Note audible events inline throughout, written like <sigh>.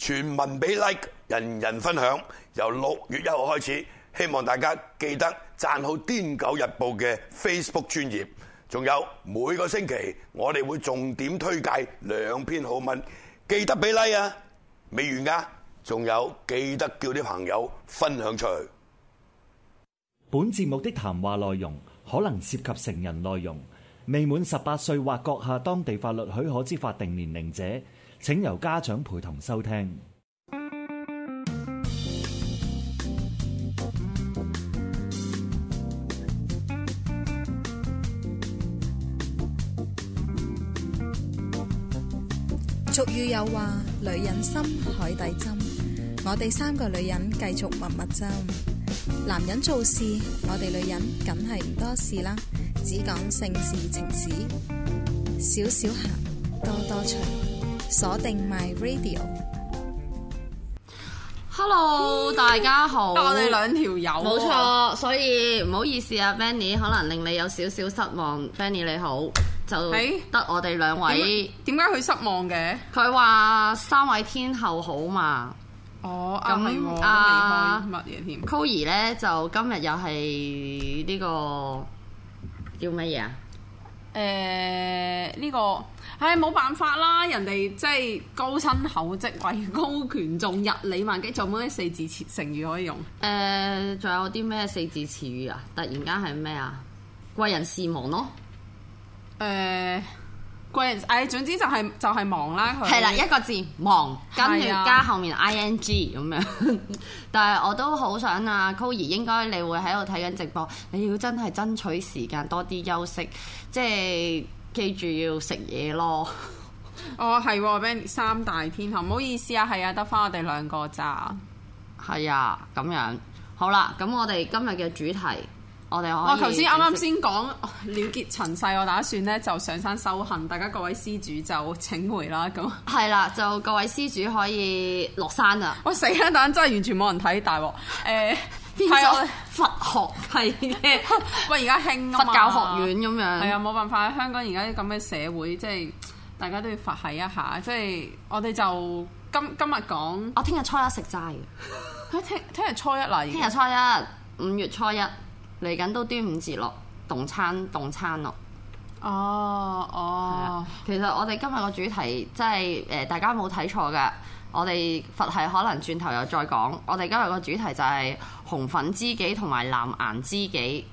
全民俾 like，人人分享。由六月一號開始，希望大家記得贊好《癲狗日報》嘅 Facebook 專頁。仲有每個星期，我哋會重點推介兩篇好文，記得俾 like 啊！未完噶，仲有記得叫啲朋友分享出去。本節目的談話內容可能涉及成人內容，未滿十八歲或閣下當地法律許可之法定年齡者。請由家長陪同收聽。俗語有話：女人心，海底針。我哋三個女人繼續密密針。男人做事，我哋女人梗係唔多事啦，只講性事情事，少少鹹，多多趣。鎖定 my radio。Hello，大家好。我哋兩條友，冇錯，所以唔好意思啊，Benny，可能令你有少少失望。Benny 你好，就得我哋兩位。點解佢失望嘅？佢話三位天后好嘛？哦，咁啊乜嘢添？Koir 咧就今日又係呢、這個叫乜嘢啊？誒，呢、呃這個，唉，冇辦法啦，人哋即係高薪厚職，位高權重，日理萬機，仲有冇啲四字詞成語可以用？誒、呃，仲有啲咩四字詞語啊？突然間係咩啊？貴人事忙咯。誒、呃。嗰陣，誒總之就係、是、就係、是、忙啦，佢係啦一個字忙，跟住血是的 加後面 ing 咁樣。 <laughs> 但係我都好想啊，Koey，應該你會喺度睇緊直播，你要真係爭取時間多啲休息，即係記住要食嘢咯。哦，係，畀三大天后，唔好意思啊，係啊，得返我哋兩個咋。係啊，咁樣好啦，咁我哋今日嘅主題。我哋我頭先啱啱先講了結塵世，我打算咧就上山修行，大家各位施主就請回啦。咁係啦，就各位施主可以落山啦。喂，死啦！但真係完全冇人睇大鑊。誒，係、欸、我有對佛學系嘅。喂， <laughs> 而家興佛教學院咁樣。係啊，冇辦法，香港而家啲咁嘅社會，即係大家都要佛系一下。即係我哋就今今日講，我聽日初一食齋嘅。聽聽日初一嚟，聽日初一，五月初一。嚟緊都端午節咯，動餐動餐咯、哦。哦哦，其實我哋今日個主題即係誒，大家冇睇錯嘅。我哋佛系可能轉頭又再講。我哋今日個主題就係、是、紅粉知己同埋藍顏知己。己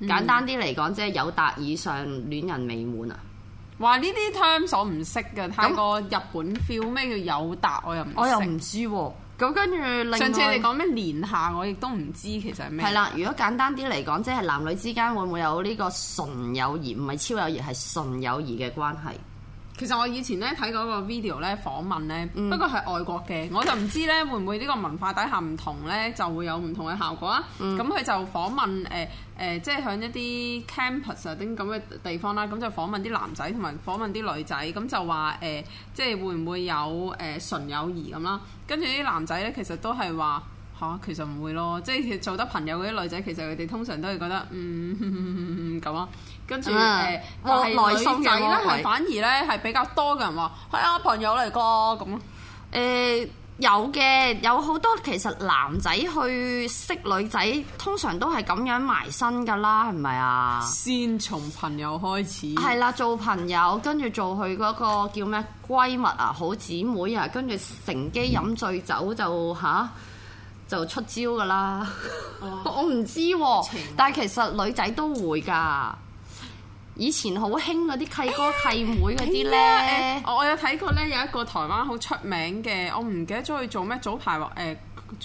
嗯、簡單啲嚟講，即係友達以上，戀人未滿啊！哇！呢啲 terms 我唔識嘅，睇個日本 feel，咩叫友達我又我又唔知喎。咁跟住，上次你講咩連下，我亦都唔知其實係咩。係啦，如果簡單啲嚟講，即係男女之間會唔會有呢個純友誼，唔係超友誼，係純友誼嘅關係。其實我以前咧睇嗰個 video 咧訪問咧，嗯、不過係外國嘅，我就唔知咧會唔會呢個文化底下唔同咧就會有唔同嘅效果啊。咁佢、嗯、就訪問誒誒、呃呃，即係響一啲 campus 啊啲咁嘅地方啦，咁就訪問啲男仔同埋訪問啲女仔，咁就話誒、呃，即係會唔會有誒、呃、純友誼咁啦、啊？跟住啲男仔咧，其實都係話嚇，其實唔會咯，即係做得朋友嗰啲女仔，其實佢哋通常都係覺得嗯咁啊。跟住誒，但係女仔咧，係反而咧係比較多嘅人話，係啊、嗯、朋友嚟噶咁。誒有嘅，有好多其實男仔去識女仔，通常都係咁樣埋身噶啦，係咪啊先、嗯？先從朋友開始。係啦，做朋友，跟住做佢嗰、那個叫咩閨蜜啊、好姊妹啊，跟住乘機飲醉酒就吓、啊，就出招噶啦。嗯、 <laughs> 我唔知喎，惹但係其實女仔都會㗎。以前好興嗰啲契哥契妹嗰啲咧，我我有睇過咧，有一個台灣好出名嘅，我唔記得咗佢做咩，早排或，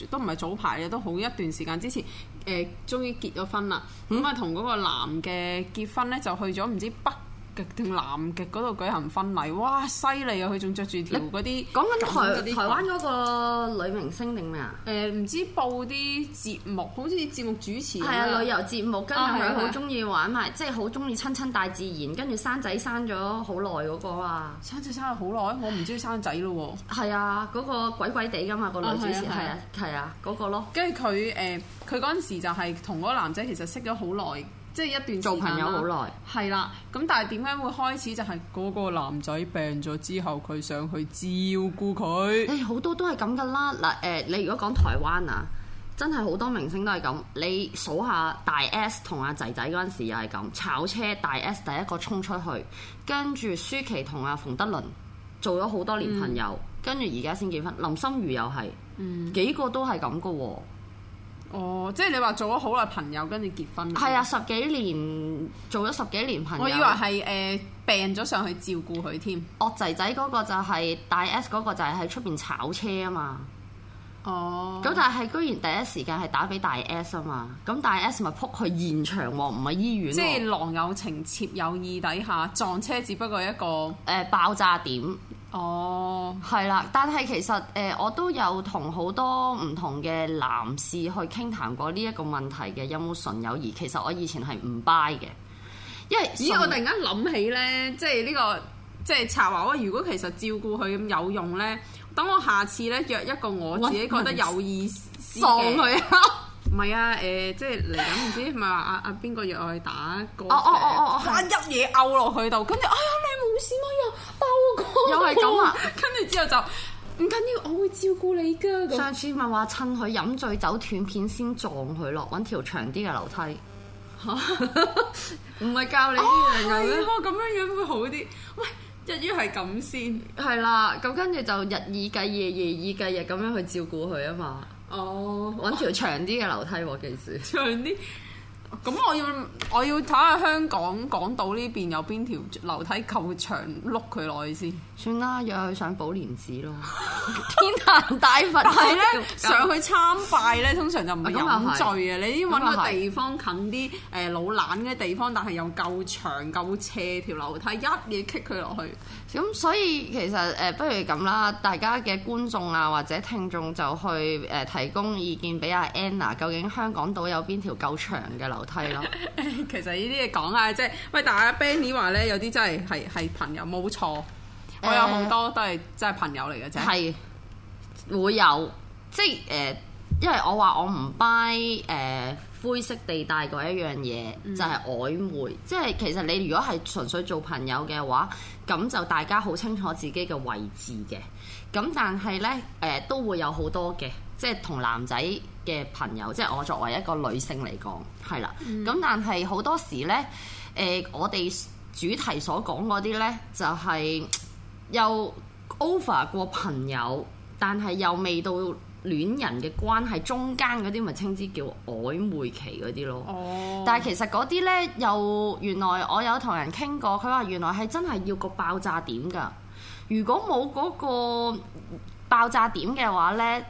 都唔係早排嘅，都好一段時間之前誒、呃，終於結咗婚啦，咁啊同嗰個男嘅結婚咧就去咗唔知北極定南極嗰度舉行婚禮，哇！犀利啊！佢仲着住條嗰啲講緊台台灣嗰個女明星定咩啊？誒唔、欸、知報啲節目，好似節目主持。係啊，旅遊節目，跟住佢好中意玩埋，啊啊啊、即係好中意親親大自然，跟住生仔生咗好耐嗰個啊！生仔生咗好耐，我唔知生仔咯喎。係啊，嗰個鬼鬼地㗎嘛，個女主持係啊，係啊，嗰、啊啊啊啊嗰個咯。跟住佢誒，佢嗰陣時就係同嗰個男仔其實識咗好耐。即係一段做朋友好耐，係啦。咁但係點解會開始就係嗰個男仔病咗之後，佢上去照顧佢。欸，好多都係咁噶啦。嗱、呃、誒，你如果講台灣啊，真係好多明星都係咁。你數下大 S 同阿仔仔嗰陣時又係咁，炒車大 S 第一個衝出去，跟住舒淇同阿馮德倫做咗好多年朋友，跟住而家先結婚。林心如又係，幾個都係咁噶喎。哦，oh, 即係你話做咗好耐朋友，跟住結婚。係啊，十幾年做咗十幾年朋友。我以為係誒、呃、病咗上去照顧佢添。我仔仔嗰個就係、是、大 S 嗰個就係喺出邊炒車啊嘛。哦。咁但係居然第一時間係打俾大 S 啊嘛。咁大 S 咪撲去現場喎、啊，唔係醫院、啊。即係郎有情，妾有意底下撞車，只不過一個誒、呃、爆炸點。哦，係啦，oh，但係其實誒，我都有同好多唔同嘅男士去傾談過呢一個問題嘅，有冇純友誼？其實我以前係唔 buy 嘅，因為咦，我突然間諗起呢，即係呢個即係策劃，如果其實照顧佢咁有用呢，等我下次呢，約一個我自己覺得有意思，What? <laughs> 送佢他啊！ <laughs> 唔係啊，誒，即係嚟緊唔知，咪話阿阿邊個約我去打個哦哦哦，一入嘢勾落去度，跟住哎呀，你冇事嗎？又勾過，又係咁啊！跟住之後就唔緊要，我會照顧你噶。上次咪話趁佢飲醉酒斷片先撞佢落揾條長啲嘅樓梯。唔係教你呢樣嘅咩？咁樣樣會好啲。喂，一於係咁先係啦。咁跟住就日以繼夜，夜以繼日咁樣去照顧佢啊嘛。哦，揾、oh, 條長啲嘅樓梯喎、啊，幾時？長啲，咁我要我要睇下香港港島呢邊有邊條樓梯夠長，碌佢落去先算。算啦，約去上寶蓮寺咯。 <laughs> 天壇大佛， <laughs> 但係咧呢樣上去參拜咧，通常就唔係飲醉嘅。啊就是、你啲揾個地方近啲，誒老懶嘅地方，就是、但係又夠長夠斜條樓梯，一嘢棘佢落去。咁所以其實誒，不如咁啦，大家嘅觀眾啊或者聽眾就去誒提供意見俾阿 Anna，究竟香港島有邊條夠長嘅樓梯咯？ <laughs> 其實呢啲嘢講下，即係喂，但係 Benny 話咧，有啲真係係係朋友冇錯，我有好多都係真係朋友嚟嘅啫，係、呃、會有即係誒。呃因為我話我唔 buy 誒灰色地帶嗰一樣嘢，嗯、就係曖昧。即係其實你如果係純粹做朋友嘅話，咁就大家好清楚自己嘅位置嘅。咁但係呢，誒、呃、都會有好多嘅，即係同男仔嘅朋友。即係我作為一個女性嚟講，係啦。咁、嗯、但係好多時呢，誒、呃，我哋主題所講嗰啲呢，就係、是、又 over 過朋友，但係又未到。戀人嘅關係中間嗰啲，咪稱之叫曖昧期嗰啲咯。Oh. 但係其實嗰啲呢，又原來我有同人傾過，佢話原來係真係要個爆炸點㗎。如果冇嗰個爆炸點嘅話呢，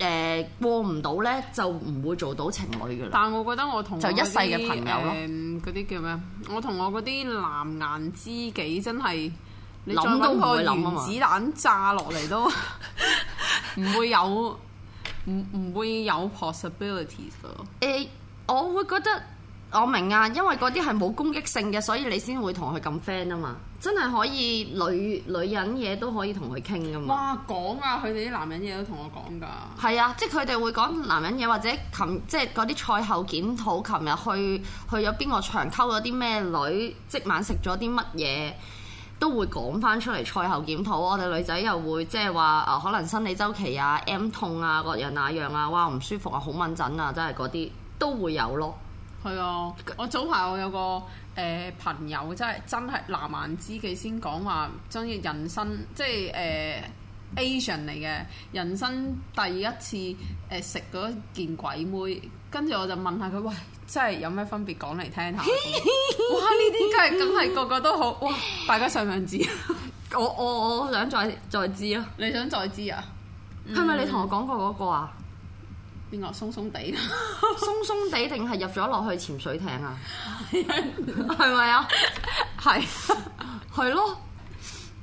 誒過唔到呢，就唔會做到情侶㗎啦。但我覺得我同就一世嘅朋友咯。嗰啲、嗯、叫咩？我同我嗰啲藍顏知己真係諗到佢連子彈炸落嚟都唔會、啊、 <laughs> <laughs> 會有。唔唔會有 possibilities 咯。誒，我會覺得我明啊，因為嗰啲係冇攻擊性嘅，所以你先會同佢咁 friend 啊嘛。真係可以女女人嘢都可以同佢傾㗎嘛。哇，講啊！佢哋啲男人嘢都同我講㗎、嗯。係啊，即係佢哋會講男人嘢，或者琴即係嗰啲賽後檢討。琴日去去咗邊個場，溝咗啲咩女？即晚食咗啲乜嘢？都會講翻出嚟賽後檢討。我哋女仔又會即係話誒，可能生理週期啊、M 痛啊、個樣那樣啊，哇唔舒服啊，好敏感啊，真係嗰啲都會有咯。係啊，我早排我有個誒、呃、朋友，真係真係藍顏知己，先講話真係人生即係誒、呃、Asian 嚟嘅人生第一次誒食嗰件鬼妹。跟住我就問下佢：喂，即係有咩分別講嚟聽下？哇！呢啲梗係梗係個個都好哇！大家想唔想知？我我我想再再知啊，你想再知啊？係咪、嗯、你同我講過嗰個啊？邊個鬆鬆地？ <laughs> 鬆鬆地定係入咗落去潛水艇啊？係咪 <laughs> <laughs> <laughs> 啊？係係 <laughs> 是 <laughs> 咯。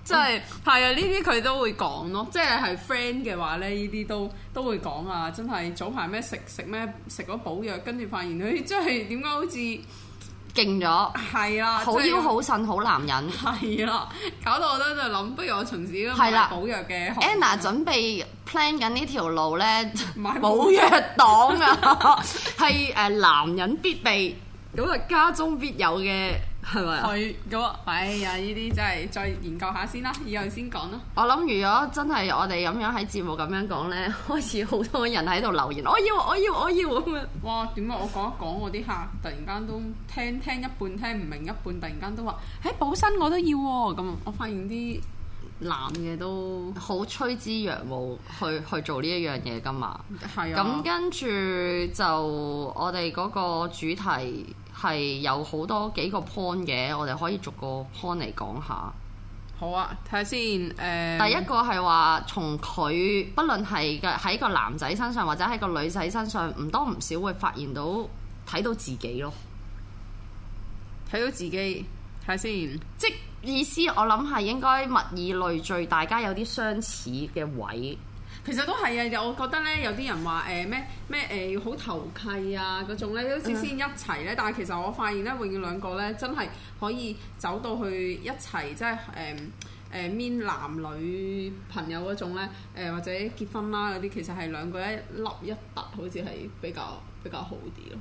即係係啊！呢啲佢都會講咯，即係係 friend 嘅話咧，呢啲都都會講啊！真係早排咩食食咩食咗補藥，跟住發現佢即係點解好似勁咗？係啊，了就是、好腰好腎好男人係啊 <laughs> 搞到我都喺度諗，不如我巡視啲買補藥嘅 Anna 準備 plan 緊呢條路咧，買補藥黨啊！係誒、 <laughs> <laughs> 啊、男人必備，咁啊 <laughs> 家中必有嘅。係嘛？去咗哎呀！呢啲真係再研究下先啦，以後先講咯。我諗如果真係我哋咁樣喺節目咁樣講呢，開始好多人喺度留言，我要，我要，我要咁哇！點解我講一講，我啲 <laughs> 客突然間都聽聽一半聽唔明一半，突然間都話：，誒、欸、補身我都要喎、啊。咁我發現啲男嘅都好趨之若鶩去去做呢一樣嘢噶嘛。係 <laughs> 是啊。咁跟住就我哋嗰個主題。係有好多幾個 point 嘅，我哋可以逐個 point 嚟講下。好啊，睇下先。誒、嗯，第一個係話從佢，不論係嘅喺個男仔身上，或者喺個女仔身上，唔多唔少會發現到睇到自己咯。睇到自己，睇下先。即意思，我諗係應該物以類聚，大家有啲相似嘅位。其實都係啊，我覺得咧，有啲人話誒咩咩誒好投契啊嗰種咧，好似先一齊咧。嗯、但係其實我發現咧，永遠兩個咧真係可以走到去一齊，即係誒誒 mean 男女朋友嗰種咧，誒、呃、或者結婚啦嗰啲，其實係兩個一凹一凸，好似係比較比較好啲咯。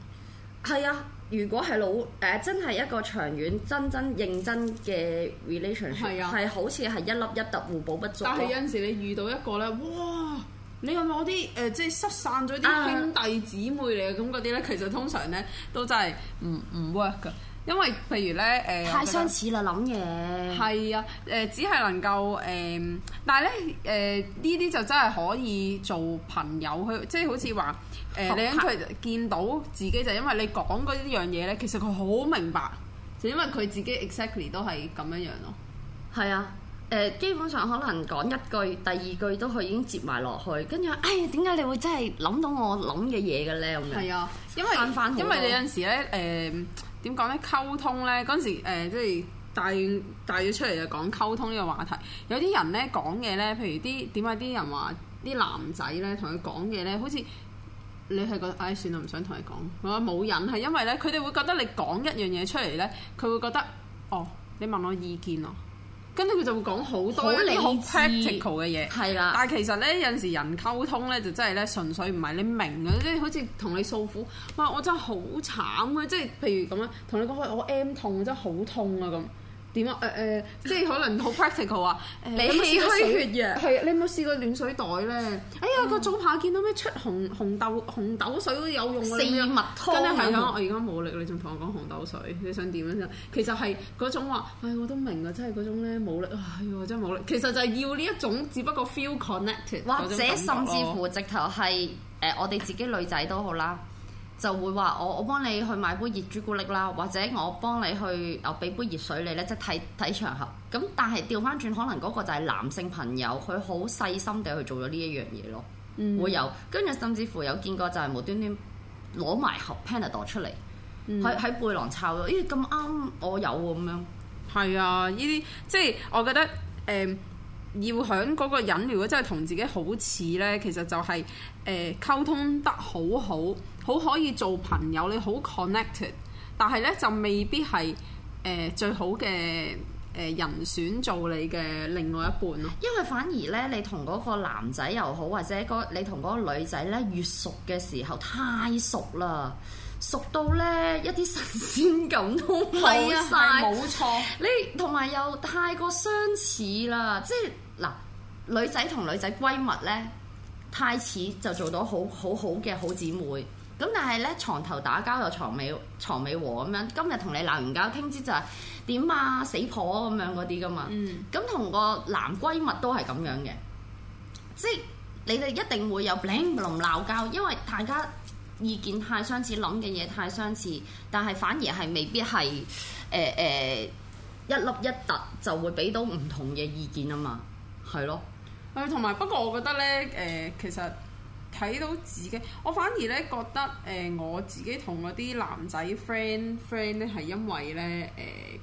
係啊。如果係老誒、呃、真係一個長遠真真認真嘅 relationship，係、啊、好似係一粒一凸互補不足。但係有陣時你遇到一個咧，哇！你有冇啲誒即係失散咗啲兄弟姊妹嚟嘅咁嗰啲咧？其實通常咧都真係唔唔 work 嘅。因為譬如咧，誒、呃、太相似啦，諗嘢係啊，誒、呃、只係能夠誒、呃，但係咧，誒呢啲就真係可以做朋友去，即係好似話誒，呃、你喺佢見到自己就因為你講嗰啲樣嘢咧，其實佢好明白，就因為佢自己 exactly 都係咁樣樣咯。係啊，誒、啊呃、基本上可能講一句，第二句都佢已經接埋落去，跟住，哎，點解你會真係諗到我諗嘅嘢嘅咧？咁樣係啊，因為因為你有陣時咧，誒、呃。點講咧？溝通咧，嗰陣時誒，即係大大約出嚟就講溝通呢個話題。有啲人咧講嘢咧，譬如啲點解啲人話啲男仔咧同佢講嘢咧，好似你係覺得，唉、哎，算啦，唔想同佢講，我冇癮，係因為咧，佢哋會覺得你講一樣嘢出嚟咧，佢會覺得，哦，你問我意見囉。跟住佢就會講好多好 practical 嘅嘢，係啦。但係其實咧，有陣時人溝通咧，就真係咧純粹唔係你明啊，即係好似同你訴苦，哇！我真係好慘啊，即係譬如咁樣，同你講開我 M 痛，我痛啊，真係好痛啊咁。點啊？誒誒、呃，即係可能好 practical 啊！你氣是虛血弱，係你有冇試過暖水袋咧？哎呀，個早排見到咩出紅紅豆紅豆水都有用啊！四物湯真係啊！我而家冇力，你仲同我講紅豆水，你想點啊？其實係嗰種話，哎，我都明啊！真係嗰種咧冇力啊！真係冇力。其實就係要呢一種，只不過 feel connected，或者哇甚至乎直頭係誒，我哋自己女仔都好啦。 <laughs> <laughs> 就會話我我幫你去買杯熱朱古力啦，或者我幫你去又俾杯熱水你咧，即係睇睇場合咁。但係調翻轉，可能嗰個就係男性朋友，佢好細心地去做咗呢一樣嘢咯。嗯、會有跟住甚至乎有見過就係無端端攞埋盒 Panadol、嗯、出嚟喺喺背囊摷咗，咦咁啱我有咁樣係啊！呢啲即係我覺得誒、呃、要響嗰個飲料，如果真係同自己好似咧，其實就係、是、誒、呃、溝通得好好。好，可以做朋友，你好 connected，但係咧就未必係誒、呃、最好嘅誒、呃、人選做你嘅另外一半咯。因為反而咧，你同嗰個男仔又好，或者嗰你同嗰個女仔咧越熟嘅時候，太熟啦，熟到咧一啲新鮮感都冇晒，冇錯，你同埋又太過相似啦，即係嗱女仔同女仔閨蜜咧太似就做到好，好好好嘅好姊妹。咁但係咧，床頭打交又床尾床尾和咁樣。今日同你鬧完交，聽朝就係、是、點啊死婆咁、啊、樣嗰啲㗎嘛。咁、嗯、同個男閨蜜都係咁樣嘅，即係你哋一定會有 bling bling 鬧交，因為大家意見太相似，諗嘅嘢太相似，但係反而係未必係誒誒一粒一突就會俾到唔同嘅意見啊嘛。係咯。誒、嗯，同埋不過，我覺得咧誒、呃，其實。睇到自己，我反而咧覺得誒、呃，我自己同嗰啲男仔 friend friend 咧係因為咧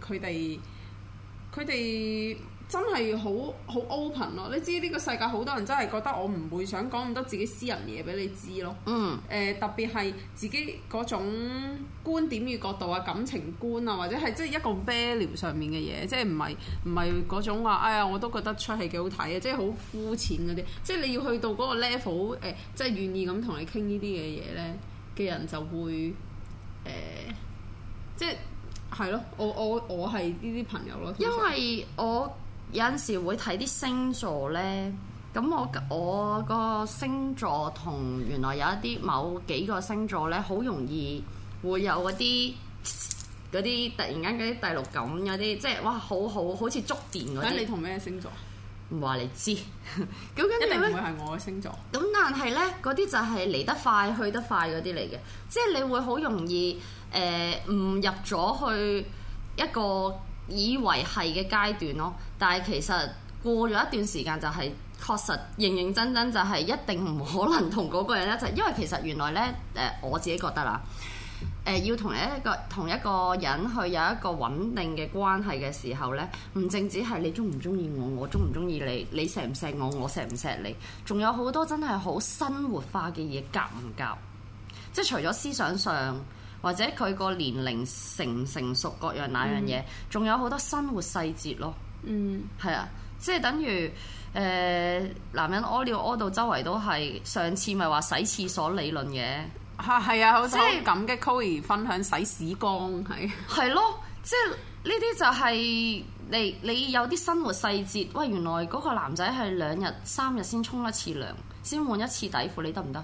誒，佢哋佢哋。真係好好 open 咯！你知呢個世界好多人真係覺得我唔會想講咁多自己私人嘢俾你知咯。嗯。誒、呃、特別係自己嗰種觀點與角度啊、感情觀啊，或者係即係一個 value 上面嘅嘢，即係唔係唔係嗰種話，哎呀我都覺得出戲幾好睇嘅，即係好膚淺嗰啲。即係你要去到嗰個 level，好、呃、即係願意咁同你傾呢啲嘅嘢咧嘅人就會誒、呃，即係係咯，我我我係呢啲朋友咯。因為我。有陣時會睇啲星座咧，咁我我個星座同原來有一啲某幾個星座咧，好容易會有嗰啲嗰啲突然間嗰啲第六感，有啲即係哇好好好似觸電嗰啲。你同咩星座？唔話訴你知，究竟定唔會係我嘅星座。咁但係咧，嗰啲就係嚟得快去得快嗰啲嚟嘅，即係你會好容易誒誤、呃、入咗去一個。以為係嘅階段咯，但係其實過咗一段時間就係確實認認真真就係一定唔可能同嗰個人一齊，因為其實原來呢，誒、呃、我自己覺得啦、呃，要同一個同一個人去有一個穩定嘅關係嘅時候呢，唔淨止係你中唔中意我，我中唔中意你，你錫唔錫我，我錫唔錫你，仲有好多真係好生活化嘅嘢夾唔夾，即係除咗思想上。或者佢個年齡成唔成熟各樣那樣嘢，仲、mm hmm. 有好多生活細節咯。嗯、mm，係、hmm. 啊，即係等於誒、呃、男人屙尿屙到周圍都係，上次咪話洗廁所理論嘅。嚇，係啊，啊，好似咁嘅 Koi 分享洗屎缸。係、就是。係咯、啊，即係呢啲就係、是就是、你你有啲生活細節。喂，原來嗰個男仔係兩日三日先沖一次涼，先換一次底褲，你得唔得？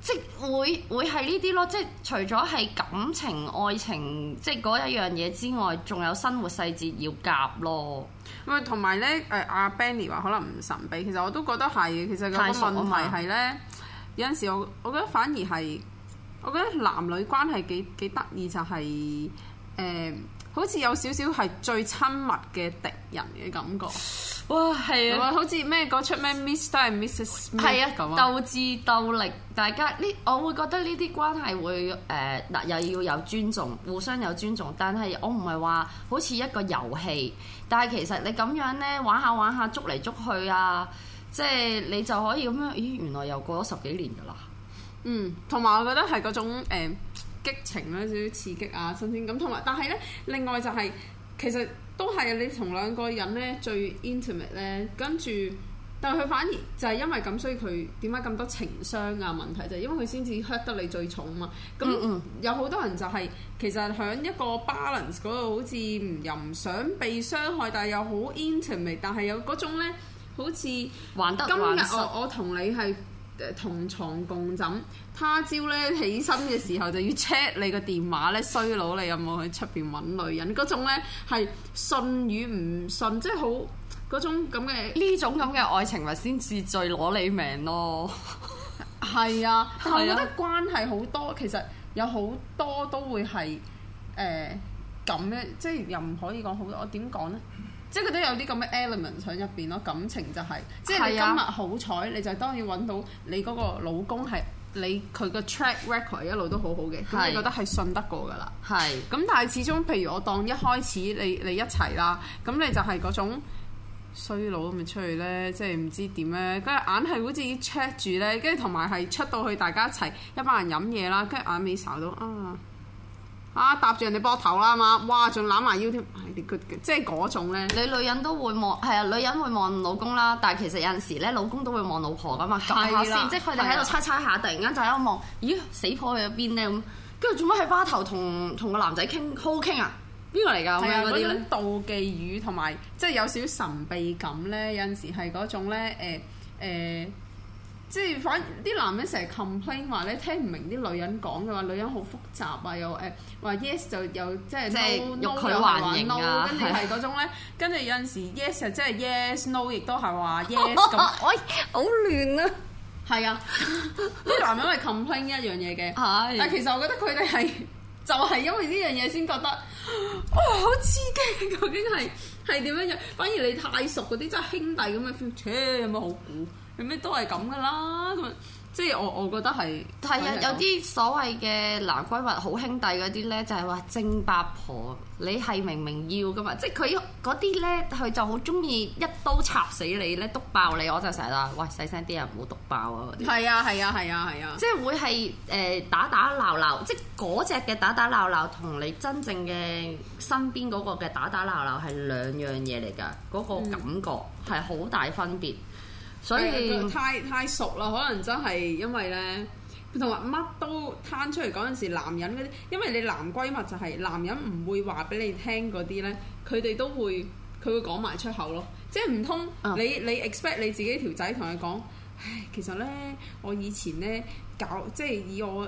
即會會係呢啲咯，即係除咗係感情愛情，即係嗰一樣嘢之外，仲有生活細節要夾咯。咁同埋咧，誒、啊、阿 Benny 話可能唔神秘，其實我都覺得係。其實個問題係咧，有陣時我我覺得反而係，我覺得男女關係幾幾得意就係、是、誒。呃好似有少少係最親密嘅敵人嘅感覺，哇，係啊！好似咩嗰出咩 Mr. 同 Mrs. 係啊，鬥智鬥力，大家呢，我會覺得呢啲關係會嗱、呃，又要有尊重，互相有尊重，但係我唔係話好似一個遊戲，但係其實你咁樣呢，玩下玩下，捉嚟捉去啊，即係你就可以咁樣，咦，原來又過咗十幾年㗎啦。嗯，同埋我覺得係嗰種、呃激情啦，少少刺激啊，新鮮咁同埋，但係呢，另外就係、是、其實都係你同兩個人呢最 intimate 呢。跟住但係佢反而就係因為咁，所以佢點解咁多情商啊問題就係因為佢先至 hurt 得你最重嘛。咁、嗯嗯嗯、有好多人就係、是、其實喺一個 balance 嗰度，好似又唔想被傷害，但係又 intimate, 但好 intimate，但係有嗰種呢好似今日我我同你係同床共枕。他朝咧起身嘅時候，就要 check 你個電話咧。衰佬，你有冇去出邊揾女人嗰種咧？係信與唔信，即係好嗰種咁嘅呢種咁嘅愛情，咪先至最攞你命咯。係 <laughs> 啊， <laughs> 啊但係我覺得關係好多，其實有好多都會係誒咁嘅，即係又唔可以講好多。我點講咧？即係佢都有啲咁嘅 element 喺入邊咯。感情就係、係、即係你今日好彩，啊、你就當然揾到你嗰個老公係。你佢個 track record 一路都好好嘅，咁是你覺得係信得過㗎啦。係是。咁但係始終，譬如我當一開始你你一齊啦，咁你就係嗰種衰佬咁咪出去咧，即係唔知點咧，跟住眼係好似 check 住咧，跟住同埋係出到去大家一齊一班人飲嘢啦，跟住眼尾睄到啊～啊！搭住人哋膊頭啦嘛，哇！仲攬埋腰添，哎、good, good, 即係嗰種咧。你女，女人都會望，係啊，女人會望老公啦，但係其實有陣時咧，老公都會望老婆噶嘛。計下先，即係佢哋喺度猜猜下，突然間就一望，啊、咦？死婆去咗邊咧？咁跟住做乜喺花頭同同個男仔傾好傾啊？邊個嚟㗎？嗰啲妒忌語同埋即係有少少神秘感咧。有陣時係嗰種咧，誒、呃、誒。呃呃即係反而啲男人成日 complain 話咧，聽唔明啲女人講嘅話，女人好複雜啊，又誒話 yes 就又即係 no, 即係說 no，又話 no，跟住係嗰種咧，跟住有陣時 yes 就即係 yes，no 亦都係話 yes 咁。喂，好亂啊！係啊，啲男人係 complain 一樣嘢嘅。係 <laughs> 的。但其實我覺得佢哋係就係、是、因為呢樣嘢先覺得哇、哦、好刺激，究竟係係點樣樣？反而你太熟嗰啲真係兄弟咁嘅 feel，切有乜好估？咩都係咁噶啦，咁即係我，我覺得係係啊，有啲所謂嘅男閨蜜好兄弟嗰啲咧，就係、是、話正八婆，你係明明要噶嘛，即係佢嗰啲咧，佢就好中意一刀插死你咧，篤爆你，我就成日話：喂，細聲啲啊，唔好篤爆啊！係啊，係啊，係啊，係啊，即係會係誒、呃、打打鬧鬧，即係嗰隻嘅打打鬧鬧同你真正嘅身邊嗰個嘅打打鬧鬧係兩樣嘢嚟㗎，嗰、那個感覺係好大分別。嗯所以太太熟啦，可能真係因為佢同埋乜都攤出嚟嗰陣時，男人嗰啲，因為你男閨蜜就係男人唔會話俾你聽嗰啲呢，佢哋都會佢會講埋出口咯，即係唔通你你 expect 你自己條仔同佢講，唉，其實呢，我以前呢，搞即係以我。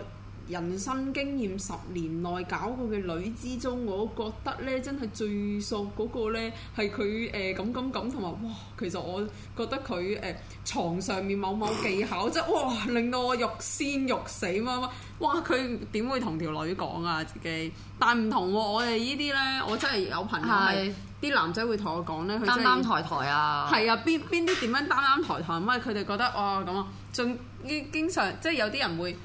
人生經驗十年內搞過嘅女之中，我覺得咧真係最熟嗰個咧係佢誒咁咁咁，同、呃、埋哇，其實我覺得佢誒牀上面某某技巧，即係哇令到我欲仙欲死乜乜，哇佢點會同條女講啊自己？但係唔同喎，我哋呢啲咧，我真係有朋友係啲男仔會同我講咧，佢真係擔擔抬抬啊，係啊，邊邊啲點樣擔擔抬抬乜？佢哋覺得哇咁啊，仲依經常即係有啲人會。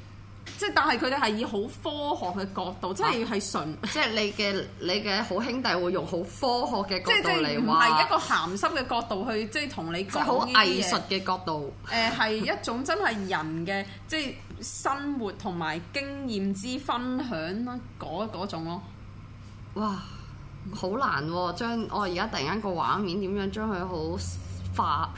即係，但係佢哋係以好科學嘅角度，啊、順即係要係純，即係你嘅你嘅好兄弟會用好科學嘅角度嚟話，唔係一個鹹濕嘅角度去，即係同你講呢啲嘢。好藝術嘅角度，誒係、呃、一種真係人嘅即係生活同埋經驗之分享咯，嗰種咯、啊。哇，好難喎、啊！將我而家突然間個畫面點樣將佢好化？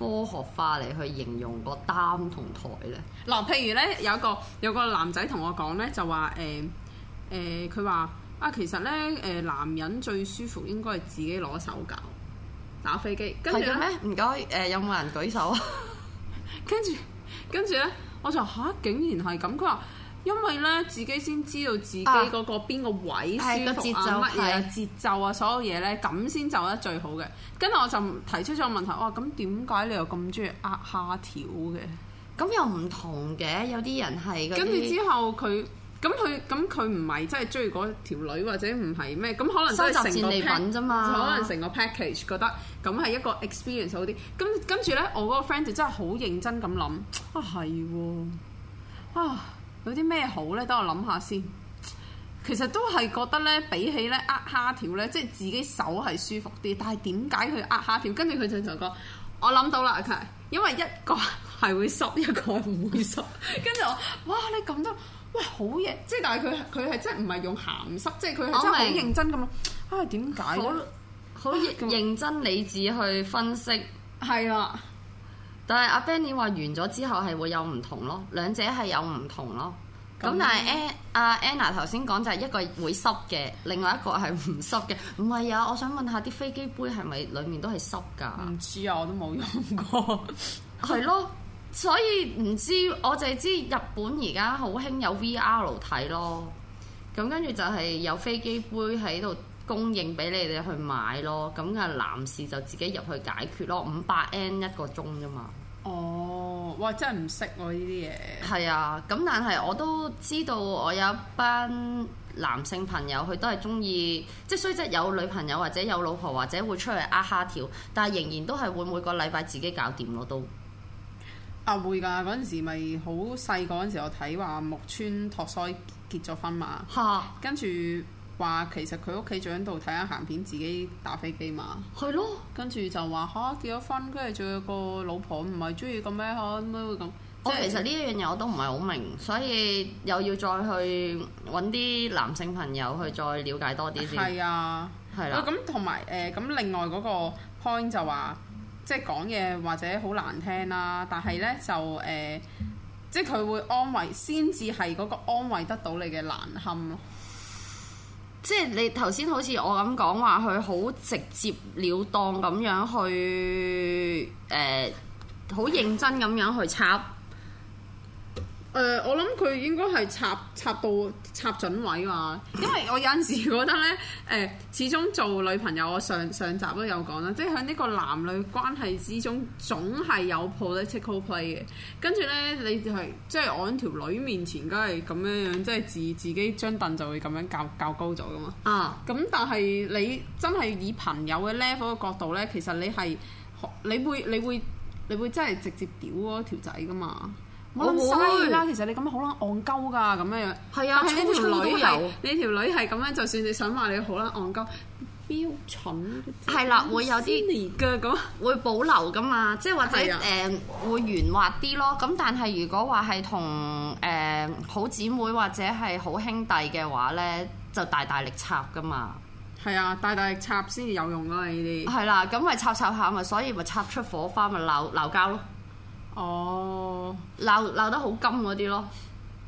科學化嚟去形容個擔同台咧，嗱，譬如咧有個有個男仔同我講咧，就話誒誒，佢、呃、話、呃、啊其實咧誒男人最舒服應該係自己攞手搞打飛機，跟住咩？唔該誒，有冇人舉手？ <laughs> 跟住跟住咧，我就嚇、啊、竟然係咁，佢話。因為咧，自己先知道自己嗰個邊個位、啊、舒服啊，乜嘢的的節奏啊，所有嘢咧，咁先做得最好嘅。跟住我就提出咗個問題，哇、啊！咁點解你又咁中意呃蝦條嘅？咁又唔同嘅，有啲人係。跟住之後佢咁，佢咁佢唔係真係中意嗰條女，或者唔係咩咁，可能真係成個 pack，品啫嘛，可能成個 package 覺得咁係一個 experience 好啲。跟跟住咧，我嗰個 friend 就真係好認真咁諗啊，係喎啊！啊啊啊有啲咩好咧？等我諗下先。其實都係覺得咧，比起咧呃蝦條咧，即係自己手係舒服啲。但係點解佢呃蝦條？跟住佢就同我講，我諗到啦，佢因為一個係會濕，一個唔會濕。跟住我，哇！你咁多，哇！好嘢，即係但係佢佢係真係唔係用鹹濕，即係佢係真係好認真咁咯。啊、哎，點解咧？好好認真理智去分析，係 <laughs> 啊。但係阿 Benny 話完咗之後係會有唔同咯，兩者係有唔同咯。咁但係 a 阿 Anna 頭先講就係一個會濕嘅，另外一個係唔濕嘅。唔係啊，我想問下啲飛機杯係咪裡面都係濕㗎？唔知啊，我都冇用過，係 <laughs> <laughs> 咯。所以唔知我淨係知日本而家好興有 VR 睇咯。咁跟住就係有飛機杯喺度供應俾你哋去買咯。咁啊，男士就自己入去解決咯。五百円一個鐘啫嘛。哦，oh，哇！真係唔識喎呢啲嘢。係啊，咁、啊、但係我都知道，我有一班男性朋友，佢都係中意，即係雖則有女朋友或者有老婆，或者會出嚟呃蝦條，但係仍然都係會每個禮拜自己搞掂咯，都啊。啊會㗎！嗰陣時咪好細個嗰陣時，我睇話木村拓哉結咗婚嘛。嚇哈！跟住。話其實佢屋企仲喺度睇下鹹片，自己打飛機嘛的。係咯。跟住就話吓，結咗婚，跟住仲有個老婆唔係中意個咩閂咯咁。我、就是哦、其實呢一樣嘢我都唔係好明，所以又要再去揾啲男性朋友去再了解多啲先。係啊的，係啦的。咁同埋誒咁另外嗰個 point 就是就是就是、話，即係講嘢或者好難聽啦，但係咧就誒，即係佢會安慰，先至係嗰個安慰得到你嘅難堪咯。即係你頭先好似我咁講話，佢好直接了當咁樣去誒，好、呃、認真咁樣去插。誒、呃，我諗佢應該係插插到插準位嘛，因為我有陣時覺得咧，誒、呃，始終做女朋友，我上上集都有講啦，即係喺呢個男女關係之中，總係有 political play 嘅。跟住咧，你就係、即係我喺條女面前，梗係咁樣樣，即係自自己張凳就會咁樣較較高咗噶嘛。啊！咁但係你真係以朋友嘅 level 嘅角度咧，其實你係你會，你會，你會，你會真係直接屌嗰條仔噶嘛？冇，唔會啦，其實你咁樣好撚戇鳩噶，咁樣樣。係啊，係啊，你條女係你條女係咁是樣，就算你想話你好撚戇鳩，標蠢。係啦，會有啲嘅咁。會保留噶嘛，即係、啊、或者誒、呃、會圓滑啲咯。咁但係如果話係同誒好姊妹或者係好兄弟嘅話咧，就大大力插噶嘛。係啊，大大力插先至有用啊。呢啲。係啦、啊，咁咪插插下咪，所以咪插出火花咪鬧鬧交咯。哦，鬧鬧得好金嗰啲咯，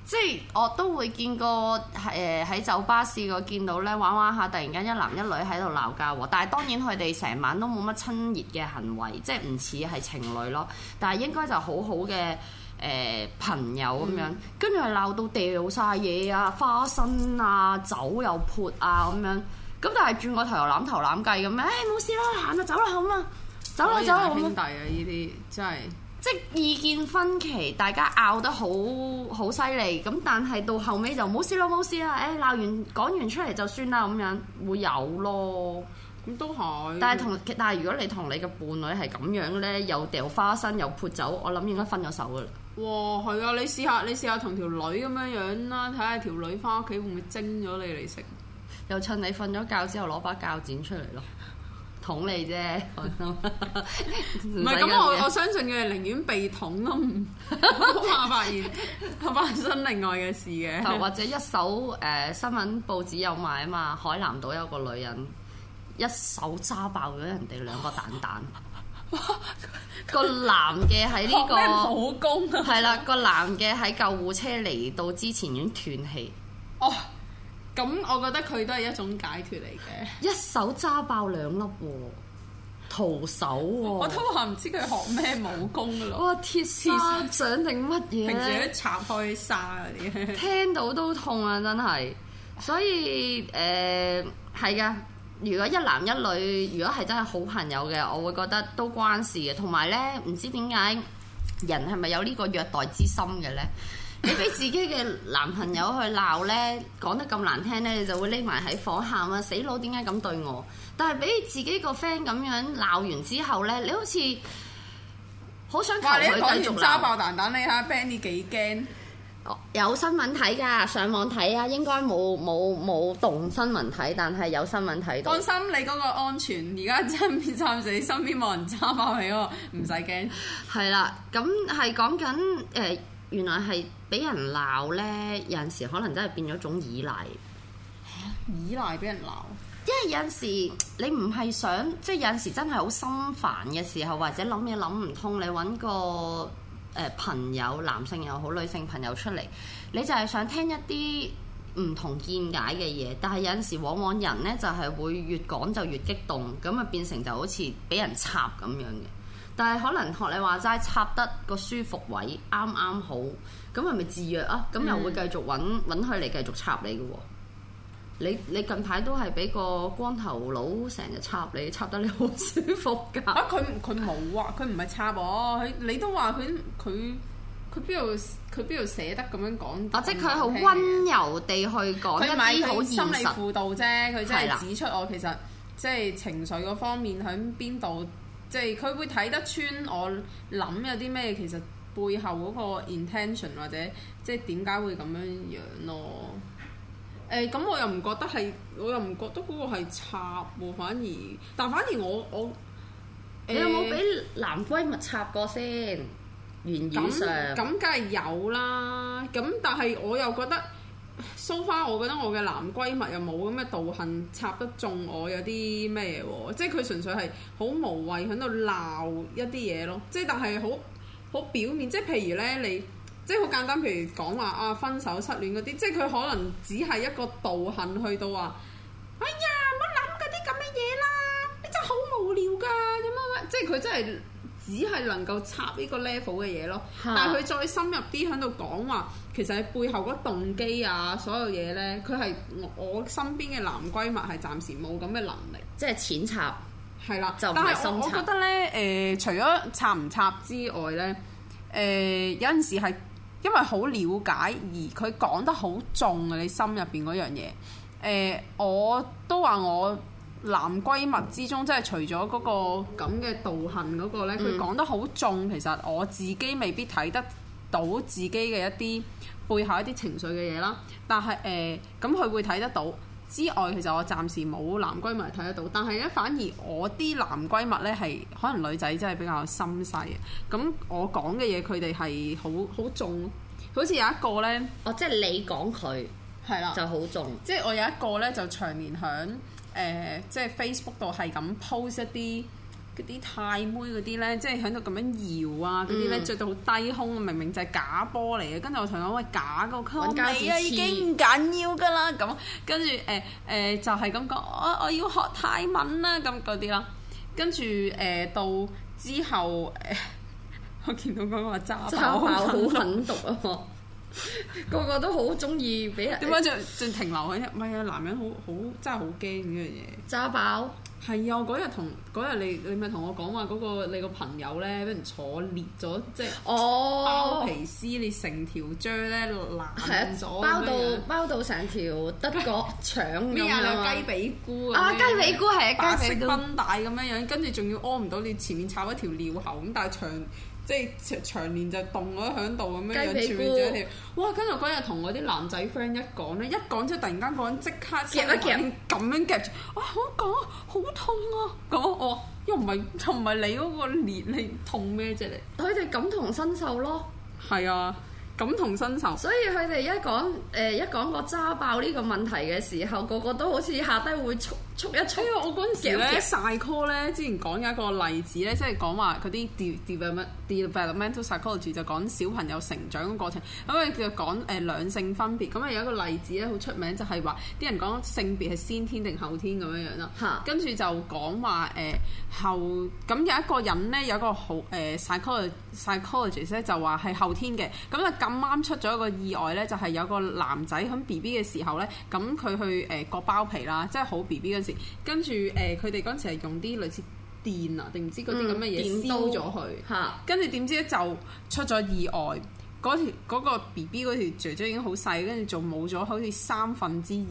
即係我都會見過誒喺、呃、酒吧試過見到咧玩玩下，突然間一男一女喺度鬧交喎。但係當然佢哋成晚都冇乜親熱嘅行為，即係唔似係情侶咯。但係應該就好好嘅誒朋友咁樣，跟住係鬧到掉晒嘢啊，花生啊，酒又潑啊咁樣。咁但係轉個頭又攬頭攬計咁，誒、哎、冇事啦，行啦走啦好嘛，走啦、啊、走啦、啊、好、啊啊啊、兄弟啊！呢啲真係～真即意見分歧，大家拗得好好犀利，咁但係到後尾就冇事咯，冇事啦，誒鬧完講完出嚟就算啦，咁樣會有咯。咁都係。但係同，但係如果你同你嘅伴侶係咁樣咧，又掉花生又潑酒，我諗應該分咗手噶啦。哇，係啊！你試下，你試下同條女咁樣樣啦，睇下條女翻屋企會唔會蒸咗你嚟食，又趁你瞓咗覺之後攞把鉸剪出嚟咯。捅你啫，唔係咁我 <laughs> 我相信佢哋寧願被捅都唔怕發現，係發生另外嘅事嘅。 <laughs> 或者一手誒、呃、新聞報紙有賣啊嘛，海南島有個女人一手揸爆咗人哋兩個蛋蛋。哇！個男嘅喺呢個武功啊，係啦，個 <laughs> 男嘅喺救護車嚟到之前已經斷氣。哦。咁我覺得佢都係一種解脫嚟嘅，一手揸爆兩粒喎、啊，徒手喎、啊，我都話唔知佢學咩武功咯， <laughs> 哇鐵砂掌定乜嘢？平時都插開沙啲， <laughs> 聽到都痛啊！真係，所以誒係嘅。如果一男一女，如果係真係好朋友嘅，我會覺得都關事嘅。同埋咧，唔知點解人係咪有呢個虐待之心嘅咧？你俾自己嘅男朋友去鬧咧，講得咁難聽咧，你就會匿埋喺房喊啊！死佬點解咁對我？但係俾自己個 friend 咁樣鬧完之後咧，你好似好想求佢繼續鬧。哇！你講完揸爆蛋蛋你嚇，Benny 幾驚？有新聞睇㗎，上網睇啊！應該冇冇冇動新聞睇，但係有新聞睇到。放心，你嗰個安全而家真係暫時你身邊冇人揸爆你喎，唔使驚。係啦，咁係講緊誒，原來係。俾人鬧呢，有陣時可能真係變咗一種依賴。依賴俾人鬧，因為有陣時你唔係想，即係有陣時真係好心煩嘅時候，或者諗嘢諗唔通，你揾個誒、呃、朋友，男性又好，女性朋友出嚟，你就係想聽一啲唔同見解嘅嘢。但係有陣時往往人呢，就係、是、會越講就越激動，咁啊變成就好似俾人插咁樣嘅。但係可能學你話齋插得個舒服位啱啱好，咁係咪自虐啊？咁又會繼續揾揾佢嚟繼續插你嘅喎。你你近排都係俾個光頭佬成日插你，插得你好舒服㗎。啊，佢佢冇啊，佢唔係插我。佢你都話佢佢佢邊度佢邊度捨得咁樣講？即係佢好溫柔地去講一啲好心理輔導啫。佢真係指出我其實的即係情緒嗰方面喺邊度。即係佢會睇得穿我諗有啲咩，其實背後嗰個 intention 或者即係點解會咁樣樣咯？誒、欸，咁我又唔覺得係，我又唔覺得嗰個係插喎、啊，反而，但反而我我、欸、你有冇俾男閨蜜插過先？原則上，咁梗係有啦，咁但係我又覺得。蘇花，so far, 我覺得我嘅男閨蜜又冇咁嘅道行，插得中我有，有啲咩喎？即係佢純粹係好無謂喺度鬧一啲嘢咯。即、就、係、是、但係好好表面，即、就、係、是、譬如咧，你即係好簡單，譬如講話啊分手失戀嗰啲，即係佢可能只係一個道行。去到話，哎呀唔好諗嗰啲咁嘅嘢啦，你真係好無聊㗎咁樣，即係佢真係。只係能夠插呢個 level 嘅嘢咯，但係佢再深入啲喺度講話，其實你背後嗰動機啊，所有嘢呢，佢係我身邊嘅男閨蜜係暫時冇咁嘅能力，即係淺插係啦，就唔係深插。但係我，我覺得呢，誒、呃，除咗插唔插之外呢，誒、呃，有陣時係因為好了解而佢講得好重啊，你心入邊嗰樣嘢，誒、呃，我都話我。男閨蜜之中，即係除咗嗰、嗰個咁嘅道行嗰、嗰個咧，佢講、嗯、得好重。其實我自己未必睇得到自己嘅一啲背後一啲情緒嘅嘢啦。但係誒，咁、呃、佢會睇得到之外，其實我暫時冇男閨蜜睇得到。但係咧，反而我啲男閨蜜呢，係可能女仔真係比較心細。咁我講嘅嘢，佢哋係好好重。好似有一個呢，哦，即係你講佢係啦，就好重。即係我有一個呢，就長年響。誒，即係、uh, Facebook 度係咁 post 一啲嗰啲泰妹嗰啲咧，即係喺度咁樣搖啊嗰啲咧，着到好低胸，明明就係假波嚟嘅。跟住我同佢講，喂，假嘅，我未啊，已經唔緊要㗎啦。咁跟住誒誒，就係咁講，我我要學泰文啦、啊，咁嗰啲啦。跟住誒，到之後誒、呃，我見到嗰個渣爆好狠毒啊！ <laughs> 個個都好中意俾人，點解仲就停留喺唔係啊，男人好好真係好驚呢樣嘢。揸爆係啊！我嗰日同嗰日你你咪同我講話嗰個你個朋友咧，俾人坐裂咗，即係包皮撕裂成條漿咧爛咗，包到包到成條德國腸咁樣啊！雞髀菇啊！雞髀菇係啊！白色繃帶咁樣樣，跟住仲要屙唔到你前面插一條尿喉咁，但係長。即係長年就凍咗喺度咁樣，前面仲有一條。哇！跟住嗰日同我啲男仔 friend 一講咧，一講之後突然間個人即刻夾一夾咁樣夾住。哇！我講，好痛啊！咁我又唔係又唔係你嗰個年，你痛咩啫你？佢哋感同身受咯。係啊。感同身受，所以佢哋一講誒、呃、一講個揸爆呢個問題嘅時候，個個都好似下低會促促一促、哎。我嗰陣時咧 psych 咧，ological, 之前講、就是呃、有一個例子咧，即係講話嗰啲 developmental psychology 就講小朋友成長嘅過程，咁啊就講誒兩性分別，咁啊有一個例子咧好出名，就係話啲人講性別係先天定後天咁樣樣啦。嚇、啊，跟住就講話誒後，咁有一個人咧有一個好誒、呃、psychology psychologist 咧就話係後天嘅，咁啊。咁啱出咗一個意外咧，就係、是、有個男仔響 B B 嘅時候咧，咁佢去誒割包皮啦，即係好 B B 嗰時，跟住誒佢哋嗰陣時係用啲類似電啊定唔知嗰啲咁嘅嘢燒咗佢，跟住點知咧就出咗意外，嗰條、那個 B B 嗰條 juju 已經好細，跟住仲冇咗好似三分之二，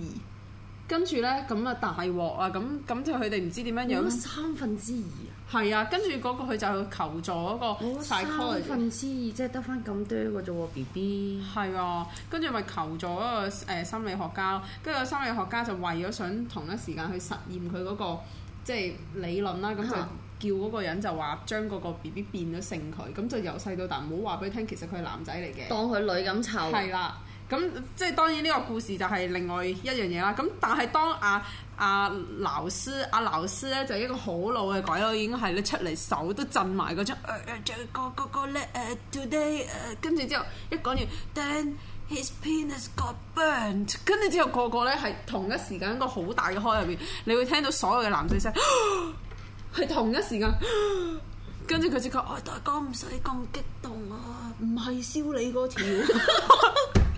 跟住咧咁啊大鑊啊，咁咁就佢哋唔知點樣樣、嗯、三分之二。係啊，跟住嗰個佢就去求助嗰個 psycho、哦、三分之二即係得翻咁多個啫喎，B B。係寶寶啊，跟住咪求助嗰個誒、呃、心理學家咯。跟住個心理學家就為咗想同一時間去實驗佢嗰、嗰個即係理論啦，咁就叫嗰個人就話將嗰個 B B 變咗性佢，咁、啊、就由細到大唔好話俾佢聽，其實佢係男仔嚟嘅，當佢女咁湊。係啦、啊。咁即係當然呢個故事就係另外一樣嘢啦。咁但係當阿阿勞斯阿勞、啊、斯咧就一個好老嘅鬼佬，已經係你出嚟手都震埋嗰張。個個咧誒，today 誒、uh，跟住之後一講完，then his penis got burnt。跟住之後個個咧係同一時間一個好大嘅開入面，你會聽到所有嘅男仔聲，係同一時間。跟住佢就講，誒、 <laughs> oh, 大哥唔使咁激動啊，唔係燒你嗰條。 <laughs>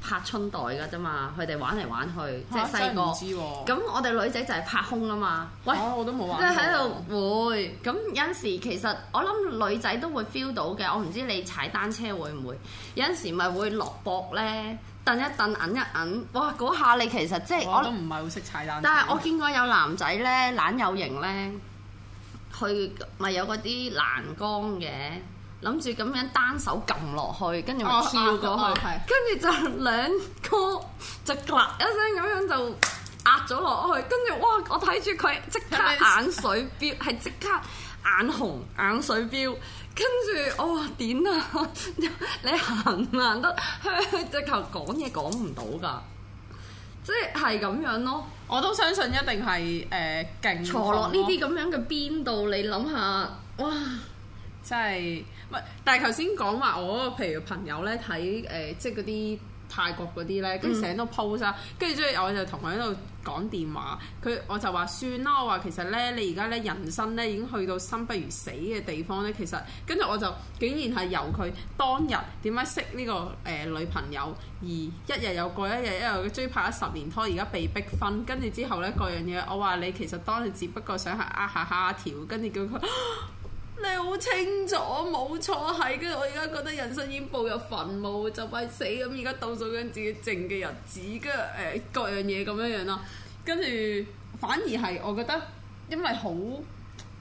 拍春袋嘅啫嘛，佢哋玩嚟玩去，啊、即係細個。咁我哋女仔就係拍胸啦嘛。啊、喂，我都冇玩過。即係喺度，會咁有陣時，其實我諗女仔都會 feel 到嘅。我唔知你踩單車會唔會有陣時咪會落駁咧，蹬一蹬，揞一揞、嗯。哇！嗰下你其實即係我都唔係好識踩單車。但係我見過有男仔咧懶有型咧，佢咪有嗰啲欄杆嘅。諗住咁樣單手撳落去，跟住咪跳過去，跟住、哦啊啊啊啊、就兩個就噏一聲咁樣就壓咗落去，跟住哇！我睇住佢即刻眼水飆，係即刻眼紅眼水飆，跟住我話點啊！ <laughs> 你行唔行得香？直頭講嘢講唔到㗎，即係係咁樣咯。我都相信一定係誒、呃、勁坐落呢啲咁樣嘅邊度，你諗下哇！即係唔但係頭先講話我，譬如朋友咧睇誒，即係嗰啲泰國嗰啲咧，跟成日都 post，跟住之後我就同佢喺度講電話，佢我就話算啦，我話其實咧，你而家咧人生咧已經去到生不如死嘅地方咧，其實跟住我就竟然係由佢當日點解識呢、呢個誒、呃、女朋友，而一日又過一日，一日追拍咗十年拖，而家被逼婚。跟住之後咧各樣嘢，我話你其實當日只不過想係呃下蝦條，跟住叫佢。你好清楚冇錯，係。跟住我而家覺得人生已經步入墳墓，就快死咁。而家倒數緊自己剩嘅日子，跟住誒各樣嘢咁樣樣啦。跟住反而係我覺得，因為好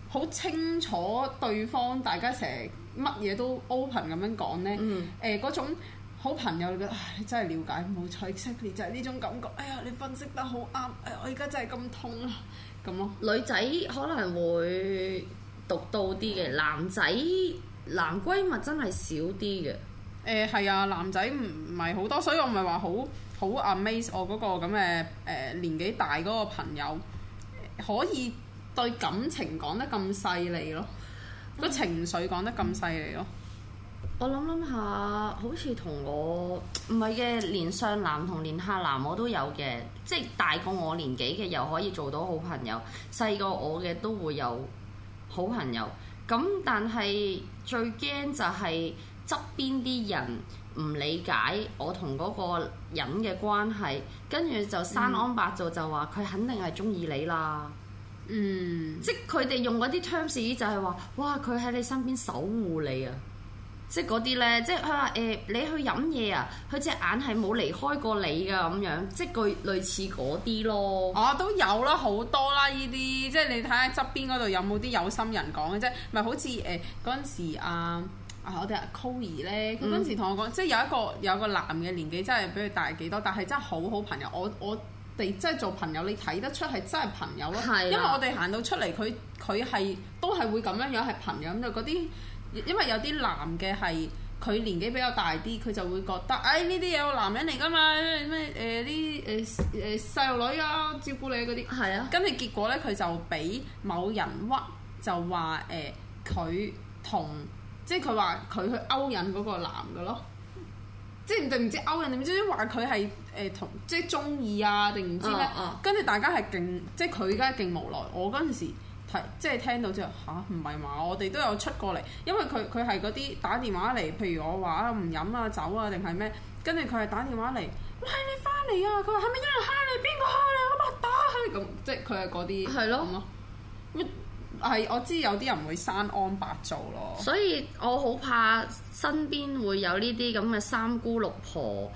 好清楚對方，大家成日乜嘢都 open 咁樣講咧。誒嗰、嗯呃、種好朋友你覺得你真係了解冇錯，你識佢，就係、是、呢種感覺。哎呀，你分析得好啱！誒、哎，我而家真係咁痛啊！咁咯，女仔可能會。嗯讀到啲嘅男仔男閨蜜真係少啲嘅。誒係、欸、啊，男仔唔係好多，所以我咪話好 amaze，我嗰個咁嘅誒年紀大嗰個朋友可以對感情講得咁細膩咯，嗰、嗯、情緒講得咁細膩咯。我諗諗下，好似同我唔係嘅年上男同年下男，我都有嘅，即、就、係、是、大過我年紀嘅又可以做到好朋友，細過我嘅都會有。好朋友，咁但係最驚就係側邊啲人唔理解我同嗰個人嘅關係，跟住就三安八做就話佢肯定係中意你啦。嗯，即佢哋用嗰啲 terms 就係話，哇！佢喺你身邊守護你啊。即嗰啲咧，即佢話誒，你去飲嘢啊，佢隻眼係冇離開過你噶咁樣，即佢類似嗰啲咯。啊，都有啦，好多啦呢啲，即你睇下側邊嗰度有冇啲有，有心人講嘅啫。咪好似誒嗰陣時阿我哋阿 Coir 咧，嗰陣時同我講，即有一個有一個男嘅年紀真係比佢大幾多，但係真係好好朋友。我我哋真係做朋友，你睇得出係真係朋友咯。係、啊。因為我哋行到出嚟，佢佢係都係會咁樣樣係朋友咁就嗰啲。那那因為有啲男嘅係佢年紀比較大啲，佢就會覺得誒呢啲嘢我男人嚟噶嘛，咩咩誒啲誒誒細路女啊照顧你嗰啲，係啊。跟住結果咧佢就俾某人屈，就話誒佢同即係佢話佢去勾引嗰個男嘅咯，即係定唔知勾引定唔知話佢係誒同即係中意啊定唔知咩。跟住、uh, uh. 大家係勁，即係佢而家勁無奈。我嗰陣時。係，即係聽到之後吓，唔係嘛？我哋都有出過嚟，因為佢佢係嗰啲打電話嚟，譬如我話啊唔飲啊酒啊定係咩，跟住佢係打電話嚟，喂，你翻嚟啊！佢話係咪有人蝦你？邊個蝦你我唔得係咁，即係佢係嗰啲咁啊。係對咯，我知有啲人會生安白做咯。所以我好怕身邊會有呢啲咁嘅三姑六婆。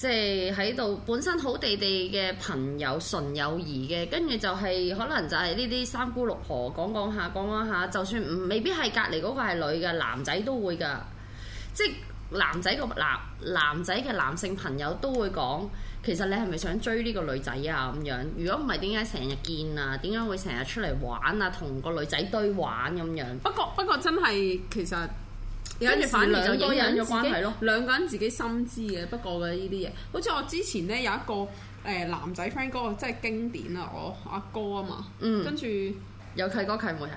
即係喺度本身好地地嘅朋友，純友誼嘅，跟住就係，可能就係呢啲三姑六婆講講下講講下，就算唔未必係隔離嗰個係女嘅，男仔都會㗎。即係男仔個男男仔嘅男性朋友都會講，其實你係咪想追呢個女仔啊？咁樣如果唔係，點解成日見啊？點解會成日出嚟玩啊？同個女仔堆玩咁樣。不過不過真係其實。跟住反而就多人嘅關係咯， <music> 兩個人自己心知嘅，不過嘅呢啲嘢，好似我之前咧有一個誒、呃、男仔 friend 嗰個真係經典啊，我阿哥啊嘛，嗯，跟住著有契哥契妹啊，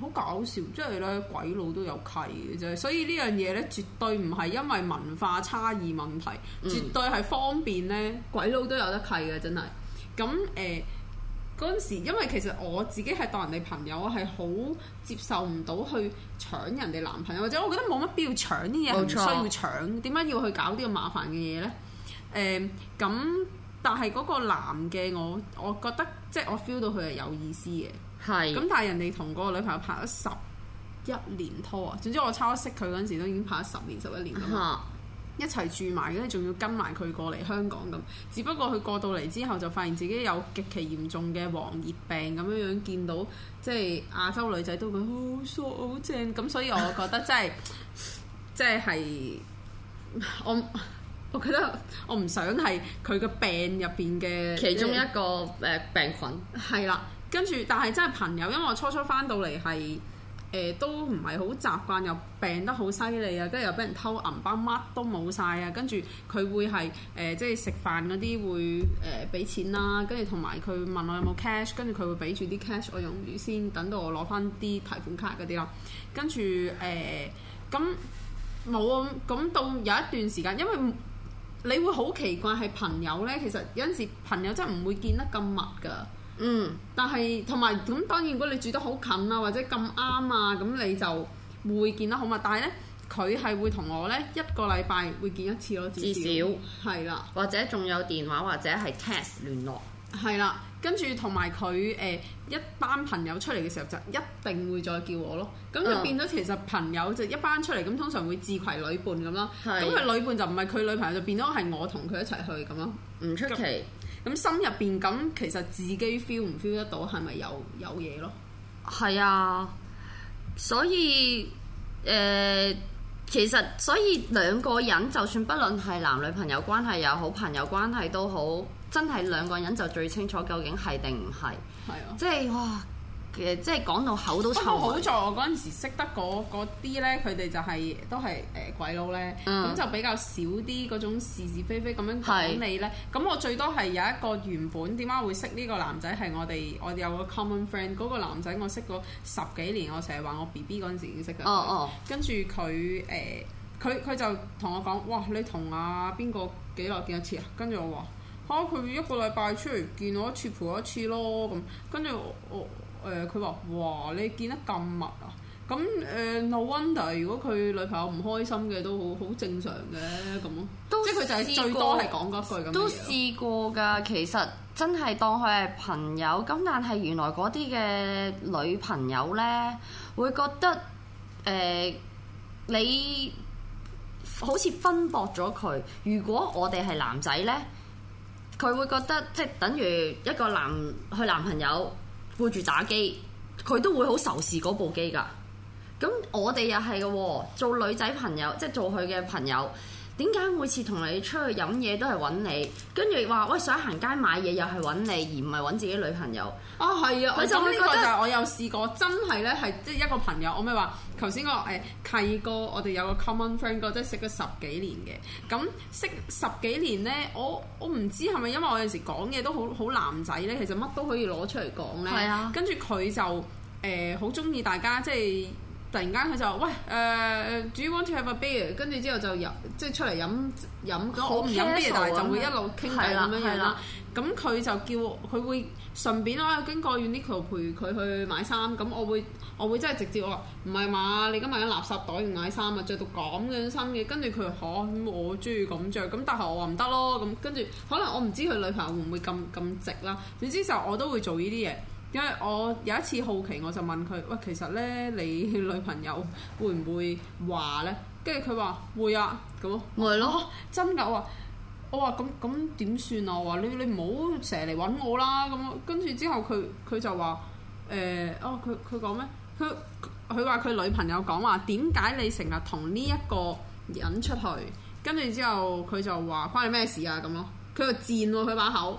好搞笑，即係咧鬼佬都有契嘅啫，所以呢樣嘢咧絕對唔係因為文化差異問題，嗯、絕對係方便咧鬼佬都有得契嘅，真係，咁誒、嗯。呃嗰陣時，因為其實我自己係當人哋朋友，我係好接受唔到去搶人哋男朋友，或者我覺得冇乜必要搶啲嘢，唔錯需要搶。點解要去搞啲咁麻煩嘅嘢呢？誒、呃，咁但係嗰個男嘅，我我覺得即係、就是、我 feel 到佢係有意思嘅。係是。咁但係人哋同嗰個女朋友拍咗十一年拖啊！總之我差唔多識佢嗰陣時都已經拍咗十年十一年咁。Uh huh. 一齊住埋，咁仲要跟埋佢過嚟香港咁。只不過佢過到嚟之後，就發現自己有極其嚴重嘅黃熱病咁樣樣，見到即係亞洲女仔都覺得好爽好正。咁、oh, so, so, so, so、所以我覺得 <laughs> 真係，即係我我覺得我唔想係佢嘅病入邊嘅其中一個誒病菌。係啦了，跟住但係真係朋友，因為我初初返到嚟係。誒、呃、都唔係好習慣，又病得好犀利啊！跟住又俾人偷銀包，乜都冇晒啊！跟住佢會係誒，即係食飯嗰啲會誒俾錢啦，跟住同埋佢問我有冇 cash，跟住佢會俾住啲 cash 我用先，等到我攞翻啲提款卡嗰啲咯。跟住誒，咁冇啊！咁到有一段時間，因為你會好奇怪係朋友咧，其實有陣時朋友真係唔會見得咁密㗎。嗯，但係同埋咁當然，如果你住得好近啊，或者咁啱啊，咁你就會見得好密。但係呢，佢係會同我呢一個禮拜會見一次咯、啊，至少係啦少了。或者仲有電話或者係 text 聯絡，係啦。跟住同埋佢誒一班朋友出嚟嘅時候，就一定會再叫我咯。咁佢變咗其實朋友就、嗯、一班出嚟，咁通常會自攜女伴咁啦。咁佢是女伴就唔係佢女朋友，就變咗係我同佢一齊去咁咯。唔出奇。咁心入邊咁，其實自己 feel 唔 feel 得到係係，係咪有有嘢咯？係啊，所以誒、呃，其實所以兩個人，就算不論係男女朋友關係又好，朋友關係都好，真係兩個人就最清楚究竟係定唔係。係是啊即，即係哇！其實即係講到口都臭。不過好在我嗰陣時識得嗰啲咧，佢哋就係、是、都係誒鬼佬咧，咁、呃嗯、就比較少啲嗰種是是非非咁樣講是你咧。咁我最多係有一個原本點解會識呢個男仔係我哋我哋有個 common friend 嗰個男仔，我識咗十幾年，我成日話我 B B 嗰陣時已經識嘅。哦哦跟，呃、跟住佢誒，佢佢就同我講：「哇，你同阿邊個幾耐見一次啊？跟住我話嚇，佢、啊、一個禮拜出嚟見我一次，陪我一次咯。咁跟住我我。我我我誒佢話：哇！你見得咁密啊？咁誒，No Wonder，如果佢女朋友唔開心嘅，都好好正常嘅咁咯。即係佢就係最多係講一句咁樣。都試過㗎，其實真係當佢係朋友咁，但係原來嗰啲嘅女朋友咧會覺得誒你好似分薄咗佢。如果我哋係男仔咧，佢會覺得即係等於一個男佢男朋友。顧住打機，佢都會好仇視嗰部機噶。咁我哋又係嘅，做女仔朋友，即係做佢嘅朋友。點解每次同你出去飲嘢都係揾你，跟住話喂，想行街買嘢又係揾你，而唔係揾自己女朋友？哦，係啊，我就會覺得個就我有試過，真係呢，係即係一個朋友，我咪話頭先我誒契哥，我哋有個 common friend 哥，即係識咗十幾年嘅。咁識十幾年呢，我我唔知係咪因為我有時講嘢都好好男仔呢，其實乜都可以攞出嚟講呢。係啊是的，跟住佢就誒好中意大家即係。突然間佢就話：喂，誒、uh,，Do you want to have a beer？跟住之後就飲，即係出嚟飲飲。咁我唔飲啤嘅 Okay,，但係就會一路傾偈咁樣樣啦。咁佢的就叫佢會順便啦，我經過 Uniqlo 陪佢去買衫。咁我會我會真係直接話唔係嘛，你今日買垃圾袋要買衫啊？著到咁樣深嘅，跟住佢嚇咁我中意咁着。」咁但係我話唔得咯。咁跟住可能我唔知佢女朋友會唔會咁咁直啦。總之就我都會做呢啲嘢。因為我有一次好奇，我就問佢：喂，其實咧，你女朋友會唔會話咧？跟住佢話會啊，咁咯。係咯，啊，真㗎！我話我話咁咁點算啊？我話你你唔好成日嚟揾我啦，咁，跟住之後佢佢就話：誒、欸，哦，佢佢講咩？佢佢話佢女朋友講話點解你成日同呢一個人出去？跟住之後佢就話：關你咩事啊？咁咯，佢就賤喎、啊，佢把口。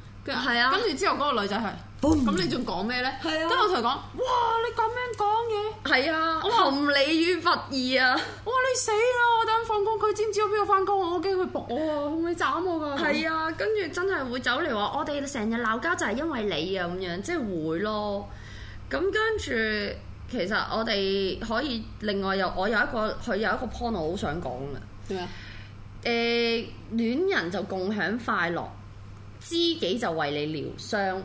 係啊，跟住之後嗰個女仔係，咁砰你仲講咩咧？係啊，跟住我同佢講，哇！你講咩講嘢？係啊，我說含你於佛意啊！哇！你死啦！我等緊放工，佢知唔知我邊度翻工啊？我驚佢搏我啊，會唔會斬我㗎？係啊，跟住、嗯、真係會走嚟話，我哋成日鬧交就係因為你啊咁樣，即係會咯。咁跟住，其實我哋可以另外又，我有一個佢有一個 point 好想講啊。咩啊麼？誒、呃，戀人就共享快樂，知己就為你療傷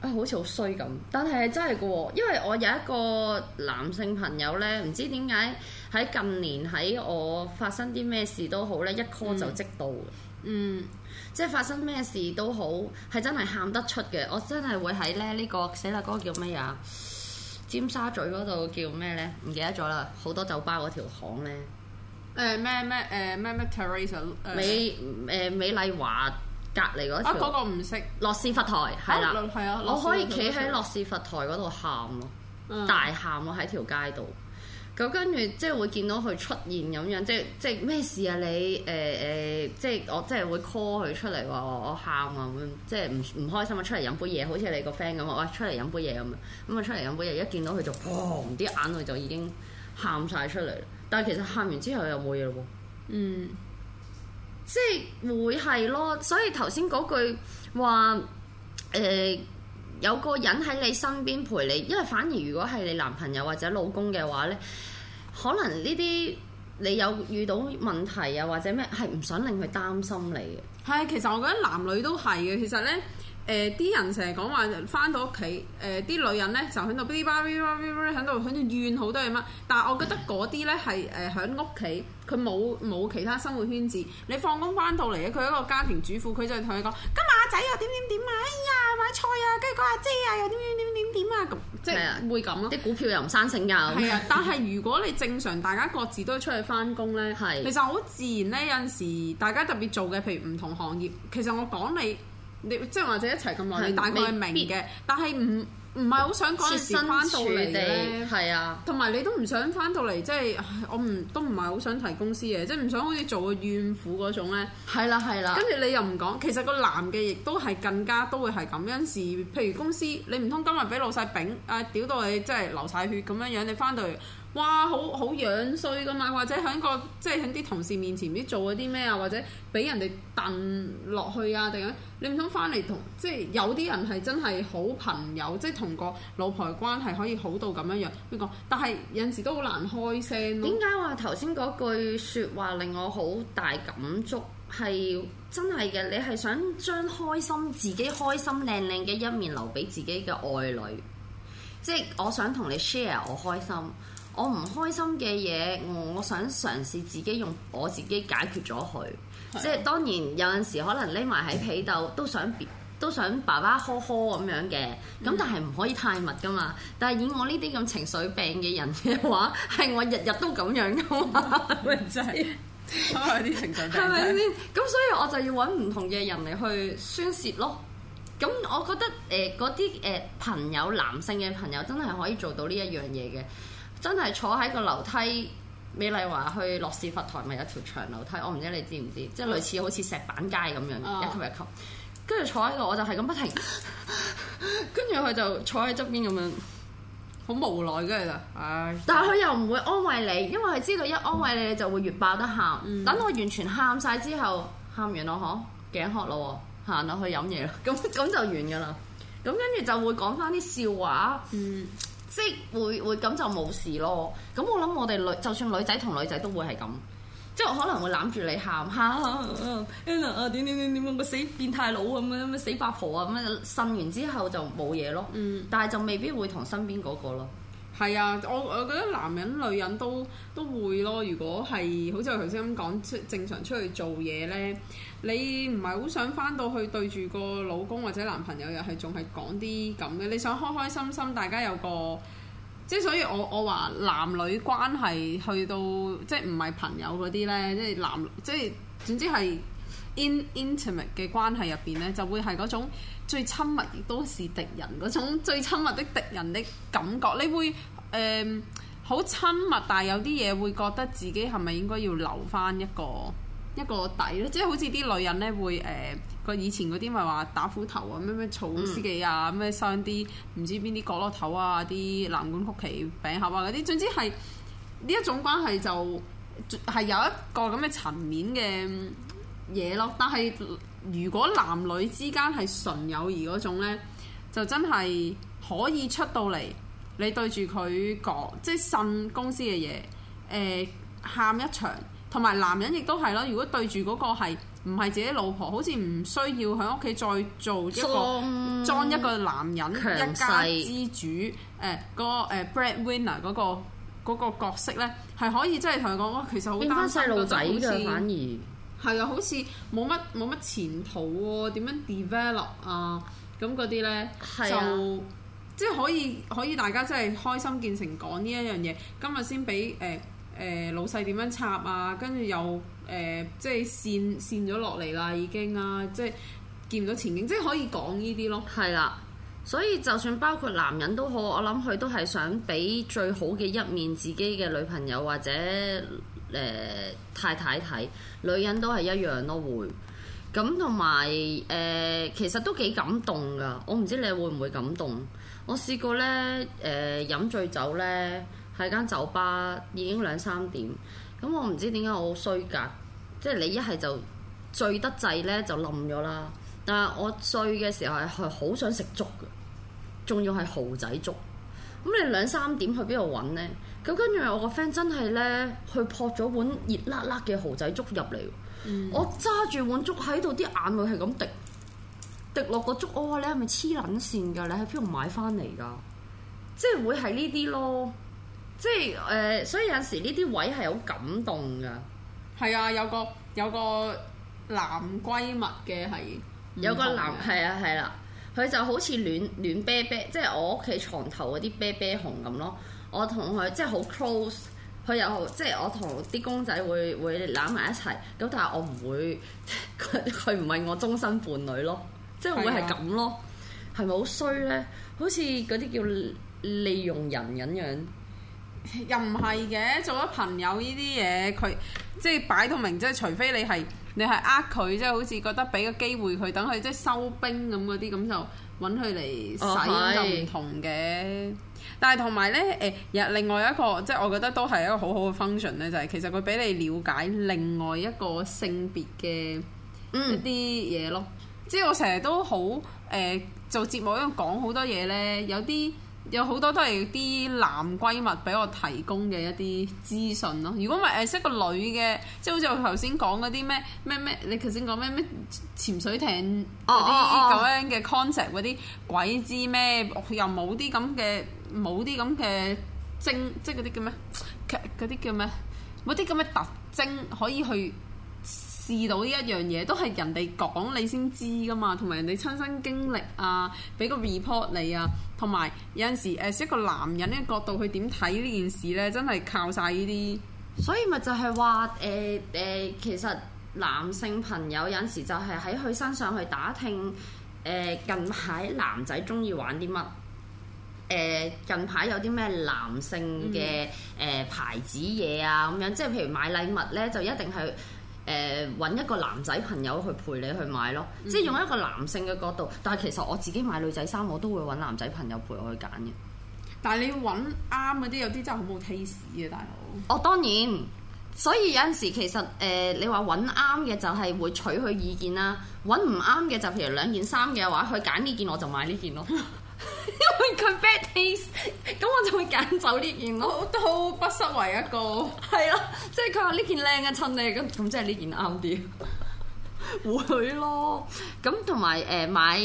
啊、欸，好似好衰咁。但係真係嘅喎，因為我有一個男性朋友呢，唔知點解喺近年喺我發生啲咩事都好呢，一 call 就即到嗯，嗯，即係發生咩事都好，係真係喊得出嘅。我真係會喺咧呢個死啦、嗰個叫咩啊？尖沙咀嗰度叫咩呢？唔記得咗啦。好多酒吧嗰條巷呢。誒咩咩誒咩咩 Terrace，美誒美麗華。呃 larva, 隔離嗰條，啊、嗰個唔識。落士佛台係啦，我可以企喺落士佛台嗰度喊咯，嗯、大喊咯喺條街度。咁跟住即係會見到佢出現咁、啊呃、樣，即係即係咩事啊你？誒誒，即係我即係會 call 佢出嚟話我喊啊，即係唔唔開心啊，出嚟飲杯嘢，好似你個 friend 咁啊，出嚟飲杯嘢咁啊，出嚟飲杯嘢，一見到佢就砰，啲眼淚就已經喊晒出嚟。但係其實喊完之後又冇嘢咯喎。嗯。即係會係咯，所以頭先嗰句話，誒、呃、有個人喺你身邊陪你，因為反而如果係你男朋友或者老公嘅話呢，可能呢啲你有遇到問題啊或者咩，係唔想令佢擔心你嘅。係其實我覺得男女都係嘅，其實呢。誒啲、呃、人成日講話翻到屋企，誒、呃、啲女人咧就喺度噼哩啪哩啦，喺度喺度怨好多嘢乜？但係我覺得嗰啲咧係誒喺屋企，佢冇冇其他生活圈子。你放工翻到嚟佢一個家庭主婦，佢就係同你講：今日阿仔又點點點啊！哎呀，買菜呀呀怎樣怎樣怎樣啊，跟住個阿姐啊又點點點點點啊！咁即係會咁咯。啲股票又唔生性㗎。係啊的， <laughs> 但係如果你正常，大家各自都出去翻工咧，其實好自然咧。有陣時大家特別做嘅，譬如唔同行業，其實我講你。你即係或者一齊咁耐，你大概係明嘅，但係唔唔係好想嗰陣時翻到嚟咧。係啊，同埋你都唔想翻到嚟，即係我唔都唔係好想提公司嘅，即係唔想好似做個怨婦嗰種咧。係啦，係啦。跟住你又唔講，其實個男嘅亦都係更加都會係咁樣事。譬如公司，你唔通今日俾老細丙啊，屌、呃、到你即係流晒血咁樣樣，你翻到嚟？哇，好好樣衰噶嘛，或者喺個即係喺啲同事面前唔知做咗啲咩啊，或者俾人哋掟落去啊，定係你唔想翻嚟同。即係有啲人係真係好朋友，即係同個老婆關係可以好到咁樣樣邊個？但係有陣時都好難開聲咯。點解話頭先嗰句説話令我好大感觸係真係嘅？你係想將開心、自己開心靚靚嘅一面留俾自己嘅愛女，即係我想同你 share 我開心。我唔開心嘅嘢，我想嘗試自己用我自己解決咗佢。是啊、即係當然有陣時可能匿埋喺被竇都想都想爸爸呵呵咁樣嘅，咁但係唔可以太密㗎嘛。但係以我呢啲咁情緒病嘅人嘅話，係我日日都咁樣㗎嘛，真係我有啲情緒病。係咪先咁？所以我就要搵唔同嘅人嚟去宣泄咯。咁我覺得誒嗰啲誒朋友，男性嘅朋友真係可以做到呢一樣嘢嘅。真係坐喺個樓梯，美麗華去諾士佛台咪有條長樓梯，我唔知你知唔知，即係類似好似石板街咁樣，嗯、一級一級，跟住坐喺度，我就係咁不停，跟住佢就坐喺側邊咁樣，好無奈㗎啦，唉！哎、但係佢又唔會安慰你，因為佢知道一安慰你，你就會越爆得喊。嗯、等我完全喊晒之後，喊完囉嗬，頸渴啦，行落去飲嘢，咁 <laughs> 咁就完㗎啦。咁跟住就會講翻啲笑話。嗯即會會咁就冇事咯。咁我諗我哋女就算女仔同女仔都會係咁，即我可能會攬住你喊下。 <laughs> Anna, 啊，點點點點啊，死變態佬咁，啊，死八婆啊，乜呻完之後就冇嘢咯。嗯，但係就未必會同身邊嗰個咯。係啊，我我覺得男人女人都都會咯。如果係好似我頭先咁講，出正常出去做嘢呢，你唔係好想翻到去對住個老公或者男朋友，又係仲係講啲咁嘅。你想開開心心，大家有個即係，所以我我話男女關係去到即係唔係朋友嗰啲呢，即係男即係總之係。in intimate 嘅關係入邊呢，就會係嗰種最親密，亦都是敵人嗰種最親密的敵人的感覺。你會誒好、呃、親密，但係有啲嘢會覺得自己係咪應該要留返一個一個底咧？即係好似啲女人呢，會誒個、呃、以前嗰啲咪話打斧頭啊，咩咩草司記啊，咩、嗯、傷啲唔知邊啲角落頭啊，啲藍罐曲奇餅盒啊嗰啲，總之係呢一種關係就係有一個咁嘅層面嘅。嘢咯，但係如果男女之間係純友誼嗰種呢，就真係可以出到嚟。你對住佢講，即係信公司嘅嘢，誒、呃、喊一場。同埋男人亦都係咯，如果對住嗰個係唔係自己老婆，好似唔需要喺屋企再做一個、嗯、裝一個男人勢一家之主。誒、呃、那個、呃、breadwinner 嗰、那個那個角色呢，係可以真係同佢講其實好變返細路仔，好似反而。係啊，好似冇乜冇乜前途喎，點樣 develop 啊？咁嗰啲呢，是的 就即係可以可以大家真係開心見誠講呢一樣嘢。今日先俾誒誒老細點樣插啊，跟住又誒、呃、即係跣跣咗落嚟啦，已經啊，即係見唔到前景，即係可以講呢啲咯。係啦，所以就算包括男人都好，我諗佢都係想俾最好嘅一面自己嘅女朋友或者。誒太太睇女人都係一樣咯，會咁，同埋誒其實都幾感動噶，我唔知你會唔會感動。我試過呢，誒、呃、飲醉酒呢，喺間酒吧已經兩三點，咁、嗯嗯嗯、我唔知點解我好衰㗎，即、就、係、是、你一係就醉得滯呢，就冧咗啦。但係我醉嘅時候係好想食粥，仲要係蠔仔粥。咁你兩三點去邊度揾呢？咁跟住我個 friend 真係咧，佢撲咗碗熱辣辣嘅蠔仔粥入嚟，嗯、我揸住碗粥喺度，啲眼淚係咁滴，滴落個粥。哦，你係咪黐撚線㗎？你喺邊度買翻嚟㗎？即係會係呢啲咯，即係誒、呃。所以有時呢啲位係好感動㗎。係啊、嗯，有個有個男閨蜜嘅係有個男，係啊係啦，佢、啊啊啊、就好似暖暖啤啤，即係我屋企床頭嗰啲啤啤熊咁咯。我同佢即係好 close，佢又，即係我同啲公仔會會攬埋一齊，咁但係我唔會，佢唔係我終身伴侶咯，即係會係咁咯，係咪好衰呢？好似嗰啲叫利用人咁樣，又唔係嘅，做咗朋友呢啲嘢，佢即係擺到明，即係除非你係你係呃佢，即係好似覺得俾個機會佢等佢即係收兵咁嗰啲，咁就揾佢嚟使就唔同嘅。但係同埋咧，誒、呃、另外一個，即係我覺得都係一個好好嘅 function 咧，就係、是、其實佢俾你了解另外一個性別嘅一啲嘢咯。嗯、即係我成日都好誒、呃、做節目，因為講好多嘢咧，有啲有好多都係啲男閨蜜俾我提供嘅一啲資訊咯。如果咪係誒識個女嘅，即係好似我頭先講嗰啲咩咩咩，你頭先講咩咩潛水艇嗰啲咁樣嘅 concept 嗰啲鬼知咩？又冇啲咁嘅。冇啲咁嘅精，即係嗰啲叫咩？嗰啲叫咩？冇啲咁嘅特徵可以去試到呢一樣嘢，都係人哋講你先知㗎嘛，同埋人哋親身經歷啊，俾個 report 你啊，同埋有陣時誒、呃、一個男人嘅角度，去點睇呢件事呢，真係靠晒呢啲。所以咪就係話誒誒，其實男性朋友有陣時就係喺佢身上去打聽誒、呃、近排男仔鍾意玩啲乜。誒近排有啲咩男性嘅誒牌子嘢啊咁樣，即係譬如買禮物咧，就一定係誒揾一個男仔朋友去陪你去買咯，嗯、哼即係用一個男性嘅角度。但係其實我自己買女仔衫，我都會揾男仔朋友陪我去揀嘅。但係你要揾啱嗰啲，有啲真係好冇 taste 啊，大佬！我、哦、當然，所以有陣時其實誒、呃，你話揾啱嘅就係會取佢意見啦，揾唔啱嘅就譬如兩件衫嘅話，佢揀呢件，我就買呢件咯。 <laughs> 因為佢 bad taste，咁我就會揀走呢件咯， <laughs> 都不失為一個係咯，即係佢話呢件靚嘅襯你，咁咁即係呢件啱啲。 <laughs> 會咯了，咁同埋誒買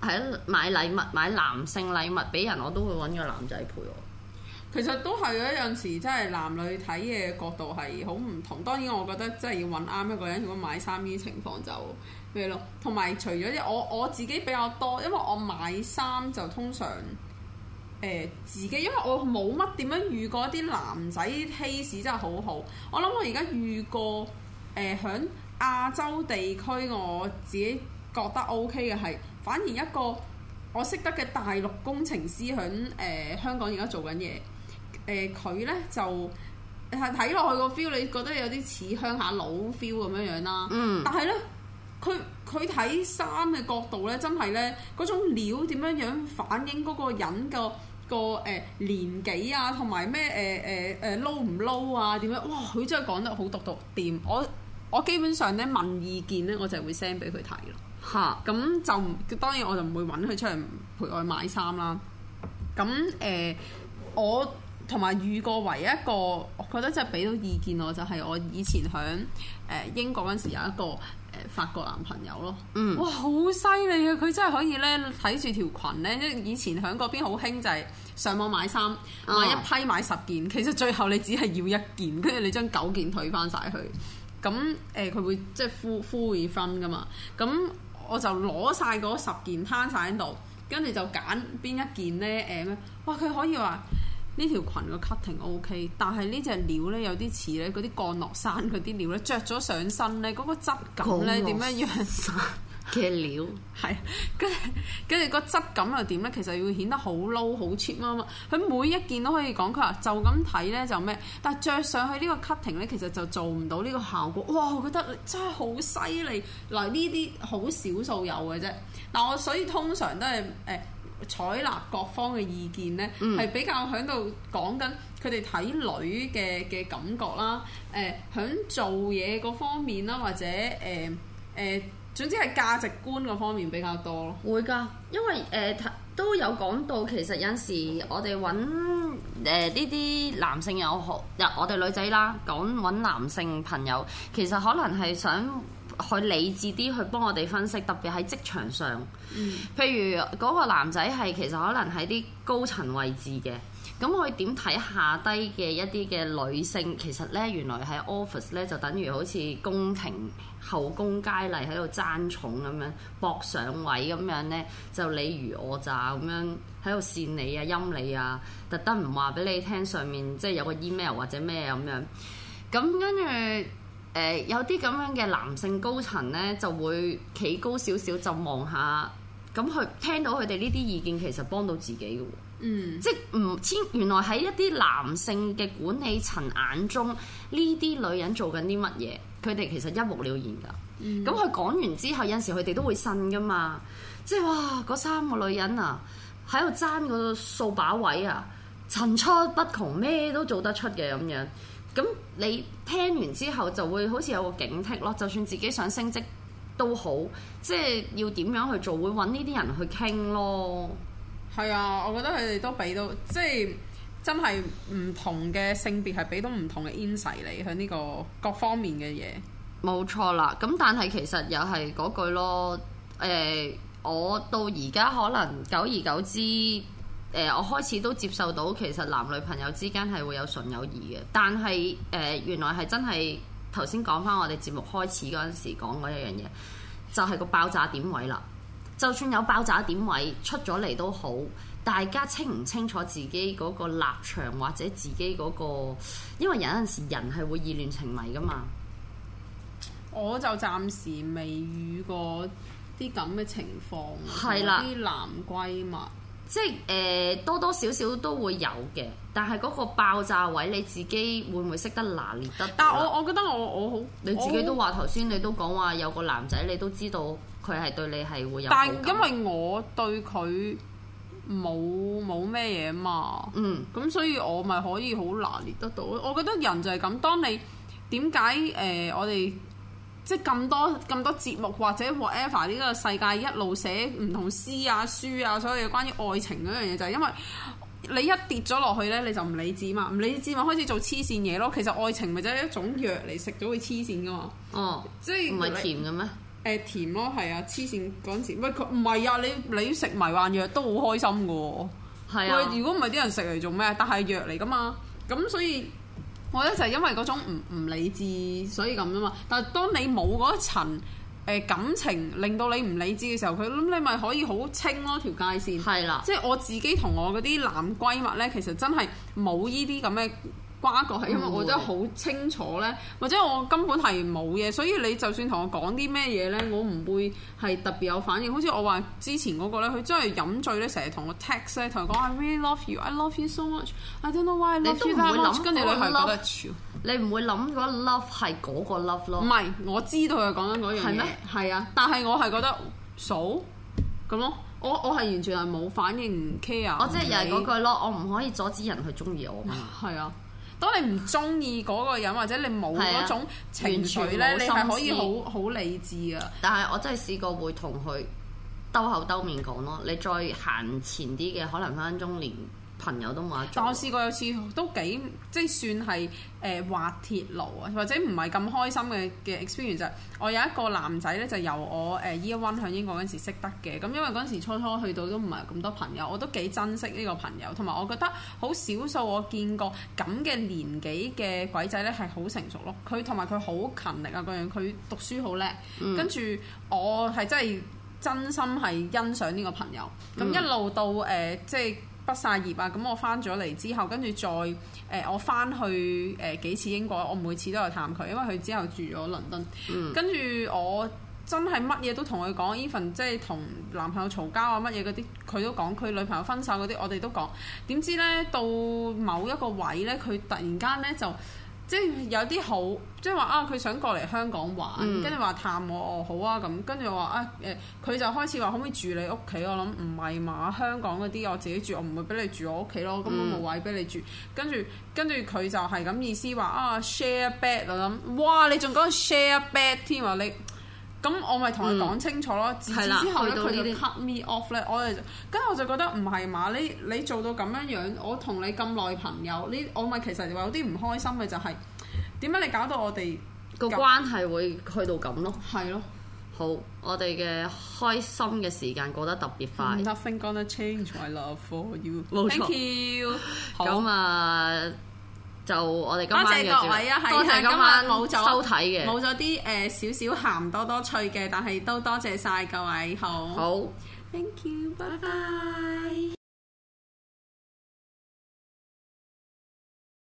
喺買禮物買男性禮物俾人，我都會揾個男仔配我。 <laughs> 其實都係有一陣時，即係男女睇嘢嘅角度係好唔同。當然，我覺得即係要揾啱一個人。如果買衫衣情況就。咩咯？同埋、嗯、除咗啲我我自己比較多，因為我買衫就通常誒、呃、自己，因為我冇乜點樣遇過一啲男仔嘅 taste，真係好好。我諗我而家遇過誒響、呃、亞洲地區，我自己覺得 O K 嘅係，反而一個我識得嘅大陸工程師響誒、呃、香港而家做緊嘢，誒佢咧就係睇落去個 feel，你覺得有啲似鄉下佬 feel 咁樣樣啦。嗯，但係咧。佢佢睇衫嘅角度咧，真係咧嗰種料點樣樣反映嗰個人個個誒、呃、年紀啊，同埋咩誒誒誒 low 唔 low 啊？點樣哇？佢真係講得好毒毒掂。我我基本上咧問意見咧，我就會 send 俾佢睇咯。嚇咁、啊、就當然我就唔會揾佢出嚟陪我去買衫啦。咁誒、呃、我同埋遇過唯一一個，我覺得真係俾到意見我，就係、是、我以前喺誒、呃、英國嗰陣時有一個。法國男朋友咯，嗯，哇好犀利啊！佢真係可以咧睇住條裙咧，因以前喺嗰邊好興就係上網買衫，買一批買十件，嗯、其實最後你只係要一件，跟住你將九件退翻晒去。咁誒佢會即係呼呼 l 分 f 噶嘛？咁我就攞晒嗰十件攤晒喺度，跟住就揀邊一件咧誒、呃、哇！佢可以話～呢條裙個 cutting OK，但係呢隻料呢，有啲似呢嗰啲降落山嗰啲料呢，着咗上身呢，嗰、嗰個質感呢落子，點樣樣嘅料係，跟住跟住個質感又點呢？其實要顯得好 low 好 cheap 啊嘛！佢每一件都可以講佢話就咁睇呢，就咩，但係著上去呢個 cutting 呢，其實就做唔到呢個效果。哇！我覺得真係好犀利。嗱呢啲好少數有嘅啫。嗱我所以通常都係誒。誒採納各方嘅意見呢，係、嗯、比較喺度講緊佢哋睇女嘅嘅感覺啦。誒、呃，喺做嘢嗰方面啦，或者誒誒、呃，總之係價值觀嗰方面比較多咯。會㗎，因為誒、呃、都有講到，其實有時我哋揾誒呢啲男性友好，嗱我哋女仔啦，講揾男性朋友，其實可能係想。去理智啲去幫我哋分析，特別喺職場上。嗯、譬如嗰、嗰個男仔係其實可能喺啲高層位置嘅，咁可以點睇下低嘅一啲嘅女性？其實呢，原來喺 office 呢，就等於好似宮廷後宮佳麗喺度爭寵咁樣，搏上位咁樣呢，就你虞我詐咁樣喺度扇你啊，陰你啊，特登唔話俾你聽上面即係有個 email 或者咩咁樣樣。咁跟住。誒有啲咁樣嘅男性高層呢，就會企高少少就望下，咁佢聽到佢哋呢啲意見，其實幫到自己嘅。嗯，即係唔知原來喺一啲男性嘅管理層眼中，呢啲女人做緊啲乜嘢？佢哋其實一目了然㗎。嗯，咁佢講完之後，有陣時佢哋都會呻㗎嘛。即係哇，嗰三個女人啊，喺度爭個數把位啊，層出不窮，咩都做得出嘅咁樣。咁你聽完之後就會好似有個警惕咯，就算自己想升職都好，即係要點樣去做，會揾呢啲人去傾咯。係啊，我覺得佢哋都俾到，即係真係唔同嘅性別係俾到唔同嘅 insight 你喺呢個各方面嘅嘢。冇錯啦，咁但係其實又係嗰句咯，誒、呃，我到而家可能久而久之。誒、呃，我開始都接受到，其實男女朋友之間係會有純友誼嘅。但係誒、呃，原來係真係頭先講翻我哋節目開始嗰陣時講嗰一樣嘢，就係、是、個爆炸點位啦。就算有爆炸點位出咗嚟都好，大家清唔清楚自己嗰個立場或者自己嗰、那個，因為有陣時人係會意亂情迷噶嘛。我就暫時未遇過啲咁嘅情況，係啦，啲男閨蜜。即係誒、呃、多多少少都會有嘅，但係嗰個爆炸位你自己會唔會識得拿捏得？但我我覺得我我好你自己都話頭先，我你都講話有個男仔，你都知道佢係對你係會有，但係因為我對佢冇冇咩嘢嘛，嗯，咁所以我咪可以好拿捏得到。我覺得人就係咁，當你點解誒我哋？即係咁多咁多節目或者 whatever 呢個世界一路寫唔同詩啊書啊，所有關於愛情嗰樣嘢就係因為你一跌咗落去咧，你就唔理智嘛，唔理智咪開始做黐線嘢咯。其實愛情咪就係一種藥嚟，食咗會黐線噶嘛。哦，即係唔係甜嘅咩？誒、呃、甜咯，係啊，黐線講甜。喂，佢唔係啊，你你食迷幻藥都好開心噶喎。係啊。喂，如果唔係啲人食嚟做咩？但係藥嚟噶嘛。咁所以。我覺得就係因為嗰種唔唔理智，所以咁啫嘛。但係當你冇嗰層誒、呃、感情，令到你唔理智嘅時候，佢咁你咪可以好清咯條界線。係啦的，即係我自己同我嗰啲男閨蜜咧，其實真係冇呢啲咁嘅。瓜葛係因為我真係好清楚咧，或者我根本係冇嘢，所以你就算同我講啲咩嘢咧，我唔會係特別有反應。好似我話之前嗰個咧，佢真係飲醉咧，成日同我 text 咧，同佢講 I really love you, I love you so much, I don't know why I love you。你都唔會諗，跟住你係覺得你唔會諗嗰個 love 係嗰個 love 咯。唔係，我知道佢講緊嗰樣嘢。係咩？係啊，但係我係覺得數咁咯。我我係完全係冇反應 care。我即係又係嗰句咯，我唔可以阻止人去鍾意我嘛。係啊。當你唔中意嗰個人，或者你冇嗰種情緒咧，你係可以好好理智啊。但係我真係試過會同佢兜口兜面講咯。你再行前啲嘅，可能分分鐘連。朋友都冇，但我試過有次都幾即係算係誒、呃、滑鐵盧啊，或者唔係咁開心嘅嘅 experience 就係我有一個男仔咧，就由我誒 year one 響英國嗰陣時識得嘅。咁因為嗰陣時初初去到都唔係咁多朋友，我都幾珍惜呢個朋友。同埋我覺得好少數我見過咁嘅年紀嘅鬼仔咧係好成熟咯。佢同埋佢好勤力啊，各樣佢讀書好叻。嗯、跟住我係真係真心係欣賞呢個朋友。咁、嗯、一路到誒、呃、即係。畢晒業啊！咁我翻咗嚟之後，跟住再誒、呃，我翻去誒、呃、幾次英國，我每次都有探佢，因為佢之後住咗倫敦。跟住、嗯、我真係乜嘢都同佢講，Even 即係同男朋友嘈交啊，乜嘢嗰啲，佢都講佢女朋友分手嗰啲，我哋都講。點知呢，到某一個位呢，佢突然間呢就～即係有啲好，即係話啊，佢想過嚟香港玩，跟住話探我，哦，好啊咁，跟住我話啊誒，佢、呃、就開始話可唔可以住你屋企，我諗唔係嘛，香港嗰啲我自己住，我唔會俾你住我屋企咯，根本冇位俾你住。跟住跟住佢就係咁意思話啊，share a bed 啊咁，哇，你仲講 share a bed 添啊你？咁我咪同佢講清楚咯，自此、嗯、之後咧佢哋 cut me off 咧，我哋跟住我就覺得唔係嘛，你你做到咁樣樣，我同你咁耐朋友，你我咪其實話有啲唔開心嘅就係點解你搞到我哋個關係會去到咁咯？係咯，好，我哋嘅開心嘅時間過得特別快。I nothing gonna change my love for you。冇錯。好咁啊。就我哋今多謝各位啊，喺多謝 下今日冇咗冇咗啲誒少少咸，呃、少少多多脆嘅，但係都多謝晒各位，好，好，Thank you，拜拜。